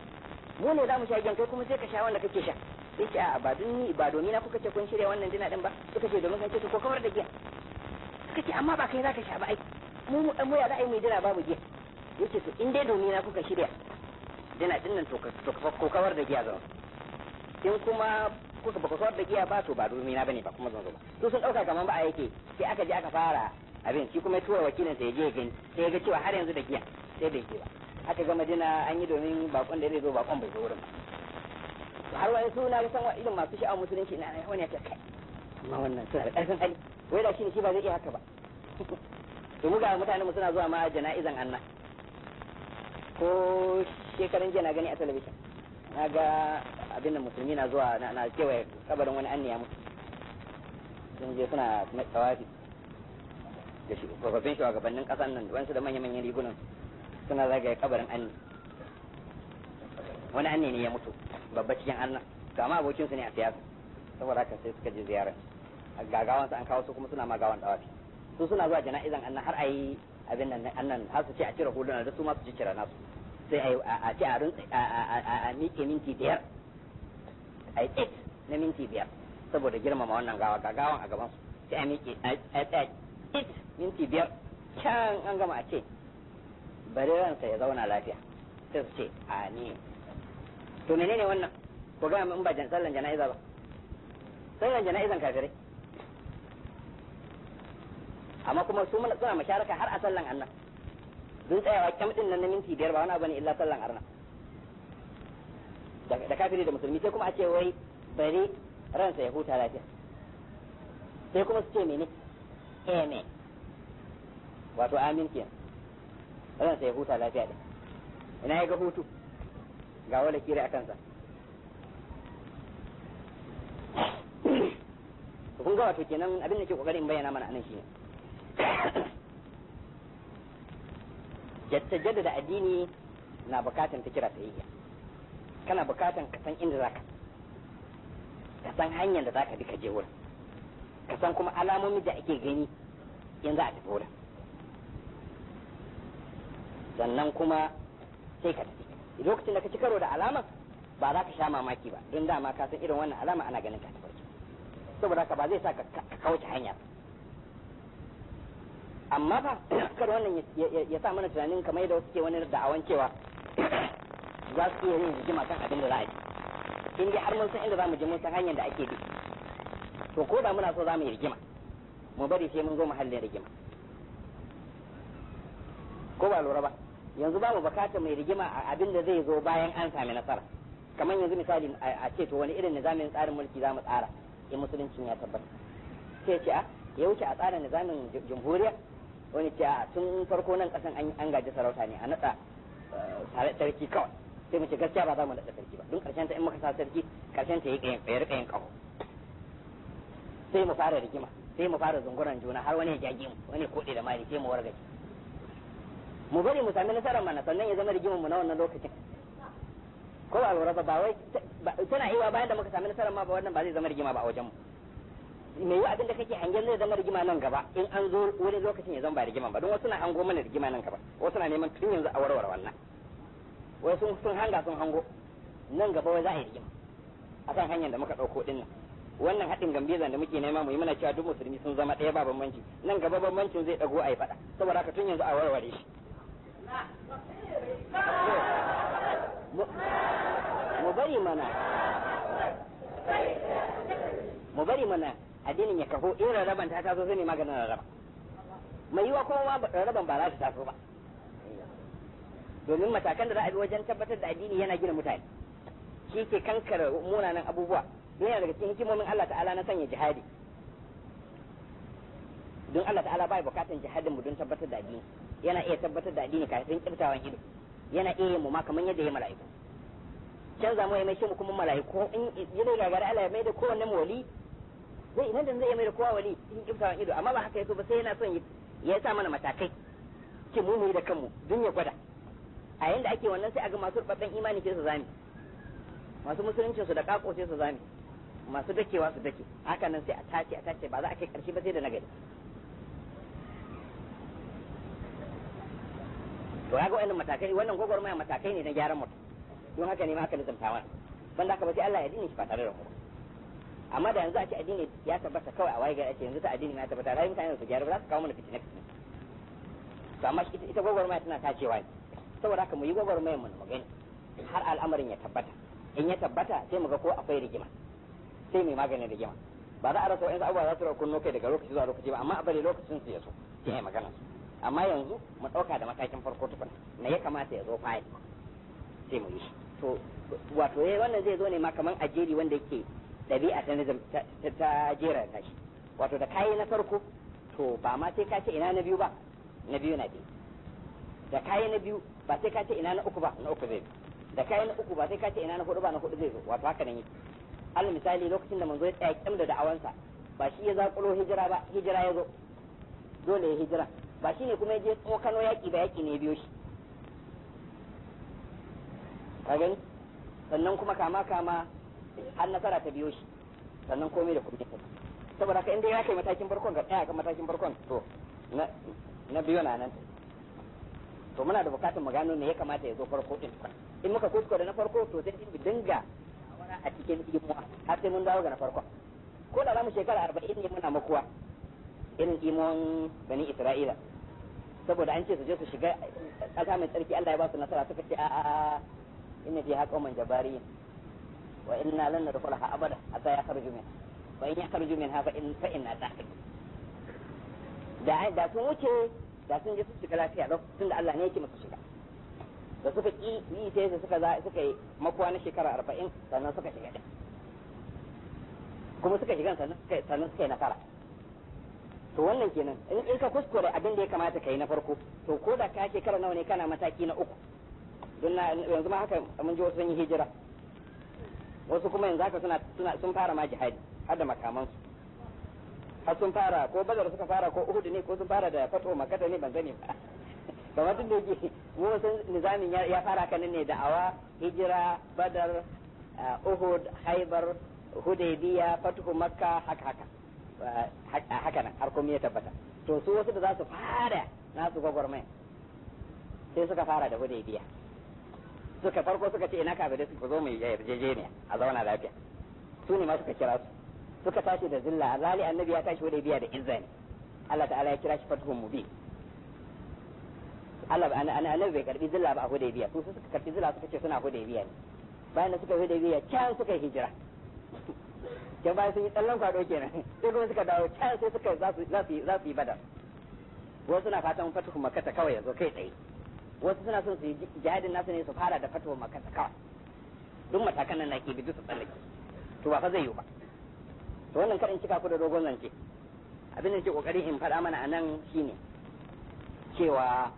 mu ne za mu sha giyan kai kuma sai ka sha wanda kake sha sai a ba dun ba domin na kuka ce kun shirya wannan dina din ba suka ce domin kai ce ko kawar da giya suka ce amma ba kai zaka sha ba ai mu mu dan moya za ai yi mai dina babu giya yace to in dai domin na kuka shirya dina din nan to ka ko kawar da giya zan in kuma kuka ba kawar da giya ba to ba domin na bane ba kuma zan zo ba to sun dauka kaman ba a yake sai aka je aka fara abin shi kuma ya tura wakilin sa ya je ya gani sai ya ga cewa har yanzu da giya sai bai ke ba aka gama dina an yi domin bakon da zai zo bakon bai zo wurin ba har wani suna na san irin masu sha'awar musulunci na wani ya kai amma wannan suna da ƙarfin hali wai da shi ne shi ba zai iya haka ba to mu ga mutanen mu suna zuwa ma jana'izan annan ko shekaran jiya na gani a talabijin na ga abin da musulmi na zuwa na kewaye kabarin wani anniya mutu sun je suna tsawafi da shi shugabannin ƙasar nan wansu da manya-manyan rigunan suna zagaye kabarin anni wani an ne ya mutu babba cikin Allah to amma abokin su ne a siyasa saboda haka sai suka je ziyara gagawan su an kawo su kuma suna ma gawan dawafi su suna zuwa jana'izan Allah har ayi abin nan annan har su ce a cire hulunan da su ma su ci kira nasu sai a ce a rintsi a miƙe minti biyar a yi tsit na minti biyar saboda girmama wannan gawa gagawan a gaban su sai a miƙe a tsit minti biyar can an gama a ce bari ransa ya zauna lafiya sai su ce amin to menene wannan ko ga in ba jan sallan jana'iza ba sallan jana'izan kafirai amma kuma su suna masharaka har a sallan annan dun tsayawa kyam din nan na minti biyar ba wani abu ne illa sallan arna da kafiri da musulmi sai kuma a ce wai bari ransa ya huta lafiya sai kuma su ce mene amen eh, wato amin ran ransa ya huta lafiya din ina ya ga hutu ga wala kira a kansa kun ga wato kenan abin da ke kokarin bayyana mana anan shine jatta jaddada addini na bukatan ta kira tsayayya kana bukatan ka san inda zaka ka san hanyar da zaka bi ka je wurin ka san kuma alamomin da ake gani yanzu a tafi wurin sannan kuma sai ka tafi lokacin da ka ci karo da alama ba za ka sha mamaki ba don dama ka san irin wannan alama ana ganin ka ta farko saboda haka ba zai sa ka kauce hanya amma ba kar wannan ya sa mana tunanin kamar yadda wasu ke wani da'awan cewa za su iya yin rigima kan abin da za a yi in dai har mun san inda za mu je mun san hanyar da ake bi to ko da muna so za mu yi rigima mu bari sai mun zo muhallin rigima ko ba lura ba yanzu babu bukatar mai rigima a abin da zai zo bayan an sami nasara kamar yanzu misali a ce to wani irin nizamin tsarin mulki za mu tsara in musuluncin ya tabbata ce ce a ya wuce a tsarin nizamin jamhuriya wani ce a tun farko nan kasan an gaji sarauta ne a nasa eh, sarki kawai sai mu ce gaskiya ba za mu nasa sarki ba don karshen ta in muka sa sarki karshen ta ya rika yin kawo sai mu fara rigima sai mu fara zunguran juna har wani ya jage mu wani kode da mari sai mu wargaje mu bari mu sami nasarar mana sannan ya zama rigimin mu na wannan lokacin ko ba lura ba wai tana iya bayan da muka sami nasarar ma ba wannan ba zai zama rigima ba a wajen mu me yi abin da kake hangen zai zama rigima nan gaba in an zo wani lokacin ya zama ba rigima ba don wasu na hango mana rigima nan gaba wasu na neman tun yanzu a warware wannan wai sun sun hanga sun hango nan gaba wai za a yi rigima a kan hanyar da muka ɗauko ɗin nan wannan haɗin gambizan da muke nema mu yi mana cewa duk musulmi sun zama ɗaya ba bambanci nan gaba bambancin zai ɗago a yi faɗa saboda haka tun yanzu a warware shi mu bari mana mu bari mana addinin ya kaho in rarraban ta taso zai ne maganin rarraba mai yiwa kuma rarraban ba za su taso ba domin matakan da za a bi wajen tabbatar da addini yana gina mutane shi ke kankara munanan abubuwa yana daga cikin hikimomin Allah ta'ala na sanya jihadi don Allah ta'ala bai bukatan jihadin mu don tabbatar da addini yana iya tabbatar da addini kafin kiftawan ido yana iya yin mu ma kamar yadda ya mala'iku canza mu ya mai shi mu kuma mala'iku in yana gagara Allah ya mai da kowanne wali zai idan zai ya mai da kowa wali cikin kiftawan ido amma ba haka yaso ba sai yana son ya sa mana matakai ki mu mu da kanmu dun ya gwada a yanda ake wannan sai a ga masu rubabban imani ke su zami masu musulunci su da kako sai su zami masu dakewa su dake haka nan sai a tace a tace ba za a kai karshe ba sai da nagari to ya ga wannan matakai wannan mai matakai ne na gyaran mutum don haka ne ma aka lizanta wa ban da ka bace Allah ya dini shi ba tare da ku amma da yanzu a ce addini ya tabbata kawai a waye gari ake yanzu ta addini ya tabbata rayuwar mutane su gyara ba za su kawo mana fitina fitina to amma ita mai tana tacewa ne saboda haka mu yi gogor mu mu gani har al'amarin ya tabbata in ya tabbata sai mu ga ko akwai rigima sai mu maganin rigima ba za a rasa wa'yansu abubuwa za su rauku kai daga lokaci zuwa lokaci ba amma a bari lokacin su ya so sai magana su amma yanzu mu ɗauka da matakin farko tukun na ya kamata ya zo fayil sai mu yi to wato yayi eh, wannan zai zo ne ma kaman a jeri wanda yake ɗabi'a ta nizam ta jera ta shi wato da kayi na farko to ba ma sai ka ce ina na biyu ba na biyu na biyu da kayi na biyu ba sai ka ce ina na uku ba na uku zai da kayi na uku ba sai ka ce ina na hudu ba na hudu zai zo wato haka nan yake alal misali lokacin da manzo ya tsaya kyam da da'awansa ba shi ya zakulo hijira ba hijira ya zo dole ya hijira ba shi ne kuma ya je tsokano yaƙi ba yaƙi ne biyo shi ka gani sannan kuma kama kama har nasara ta biyo shi sannan komai da kuma ta saboda ka inda ya kai matakin farkon ga tsaya kan matakin farkon to na na biyo na nan to muna da bukatun mu gano ne ya kamata ya zo farko din in muka kuskure na farko to sai in dinga a cikin ilmuwa har sai mun dawo ga na farkon ko da za mu shekara arba'in ne muna makuwa irin imon bani isra'ila saboda an ce su je su shiga ƙasa mai tsarki Allah ya ba su nasara suka ce a'a inna fi haqa man jabari wa inna lan nadkhulaha abada hatta kharju min wa in kharju min hafa in fa inna dakhil da da sun wuce da sun je su shiga lafiya sun da Allah ne yake musu shiga da suka ki yi sai su suka suka yi makuwa na shekara 40 sannan suka shiga kuma suka shiga sannan suka sannan suka yi nasara to wannan kenan in ka kuskure abin da ya kamata ka yi na farko to ko da ka shekara nawa ne kana mataki na uku don na yanzu ma haka mun ji wasu sun yi hijira wasu kuma yanzu haka suna suna sun fara ma jihadi har da makaman su har sun fara ko badar suka fara ko uhud ne ko sun fara da fato makata ne ban sani ba kamar tun da yake mu wasu nizamin ya fara kanin ne da'awa hijira badar uh, uhud haibar hudaybiya fatuhu makka haka haka Eh, haka nan har kuma ya tabbata to su wasu da za su fara nasu gwagwarmai sai suka fara da hudaybiya suka farko suka ce ina da su zo mu yarjejeniya a zauna lafiya su ne ma suka kira su suka tashi da zilla a zali annabi ya tashi hudaybiya da izza ne Allah ta'ala ya kira shi fatuhun mubi Allah an annabi bai karbi zilla ba a hudaybiya su suka karbi zilla suka ce suna hudaybiya ne bayan da suka hudaybiya can suka hijira ke bayan sun yi tsallan kwado kenan sai kuma suka dawo can sai suka za su za su yi badar wasu na fatan fatuhu makata kawai ya zo kai tsaye wasu suna son su yi jihadin nasu ne su fara da fatuhu makata kawai duk matakan nan nake bi duk su tsallake to ba fa zai yi ba to wannan karin cika ku da dogon zance abin da ke kokari in faɗa mana a nan shine cewa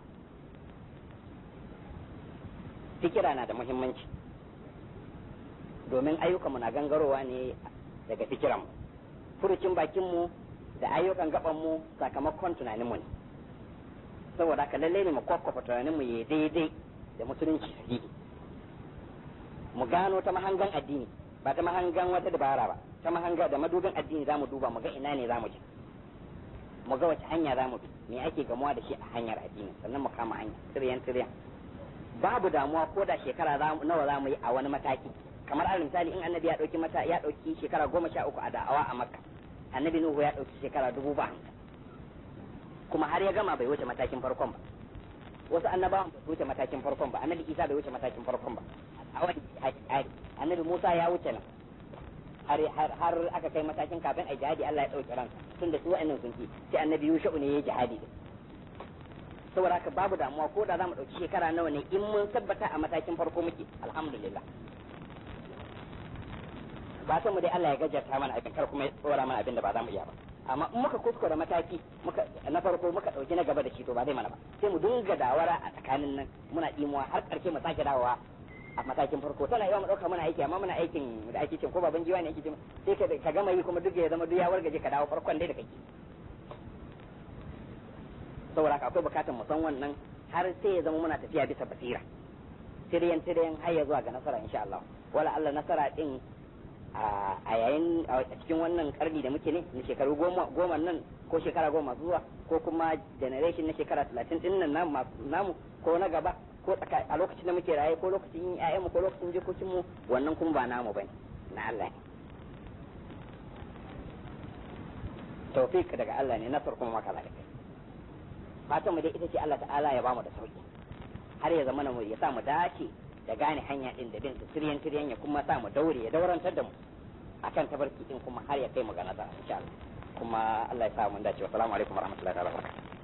fikira na da muhimmanci domin ayyukanmu na gangarowa ne daga fikiran furucin bakin mu da ayyukan gaban mu sakamakon tunanin mu ne saboda ka lalle ne mu kwakwafa tunanin mu ya daidai da musulunci sahihi mu gano ta mahangan addini ba ta mahangan wata dabara ba ta mahanga da madubin addini zamu duba mu ga ina ne zamu je mu ga wace hanya zamu bi me ake gamuwa da shi a hanyar addini sannan mu kama hanya tiryan tiryan babu damuwa ko da shekara nawa zamu yi a wani mataki kamar alal misali in annabi ya dauki mata ya dauki shekara goma sha uku a da'awa a makka annabi nuhu ya dauki shekara dubu ba kuma har ya gama bai wuce matakin farkon ba wasu annabawan ba su wuce matakin farkon ba annabi isa bai wuce matakin farkon ba a wani annabi musa ya wuce nan har har aka kai matakin kafin a jihadi Allah ya dauki ransa tun da su wa'annan sun ki sai annabi yusha ne ya jihadi din saboda haka babu damuwa ko da za mu dauki shekara nawa ne in mun tabbata a matakin farko muke alhamdulillah ba fatan mu dai Allah ya gajarta mana abin kar kuma ya tsora mana abin da ba za mu iya ba amma in muka kuskura mataki muka na farko muka dauki na gaba da shi to ba zai mana ba sai mu dinga dawara a tsakanin nan muna imuwa har karshe mu sake dawowa a matakin farko tana yawa mu dauka muna aiki amma muna aikin da ake cin ko baban jiwa ne ake cin sai ka ka gama yi kuma duk ya zama duk ya wargaje ka dawo farkon dai da kake saboda akwai bukatar mu san wannan har sai ya zama muna tafiya bisa basira tiriyan tiriyan har ya zuwa ga nasara insha Allah wala Allah nasara din a yayin a cikin wannan karni da muke ne na shekaru goma nan ko shekara goma zuwa ko kuma generation na shekara talatin din nan namu ko na gaba ko a lokacin da muke raye ko lokacin mu ko lokacin mu wannan kuma ba namu bane na Allah ne tawfiq daga Allah ne nasar kuma maka da kai fatan mu dai ita ce Allah ta'ala ya bamu da sauki har ya zama mu ya sa mu dace da gane hanya din da bin su tiryan tiryan ya kuma sa mu daure ya daurantar da mu akan tabarki din kuma har ya kai mu ga nasara insha Allah kuma Allah ya sa mu dace assalamu alaikum warahmatullahi wabarakatuh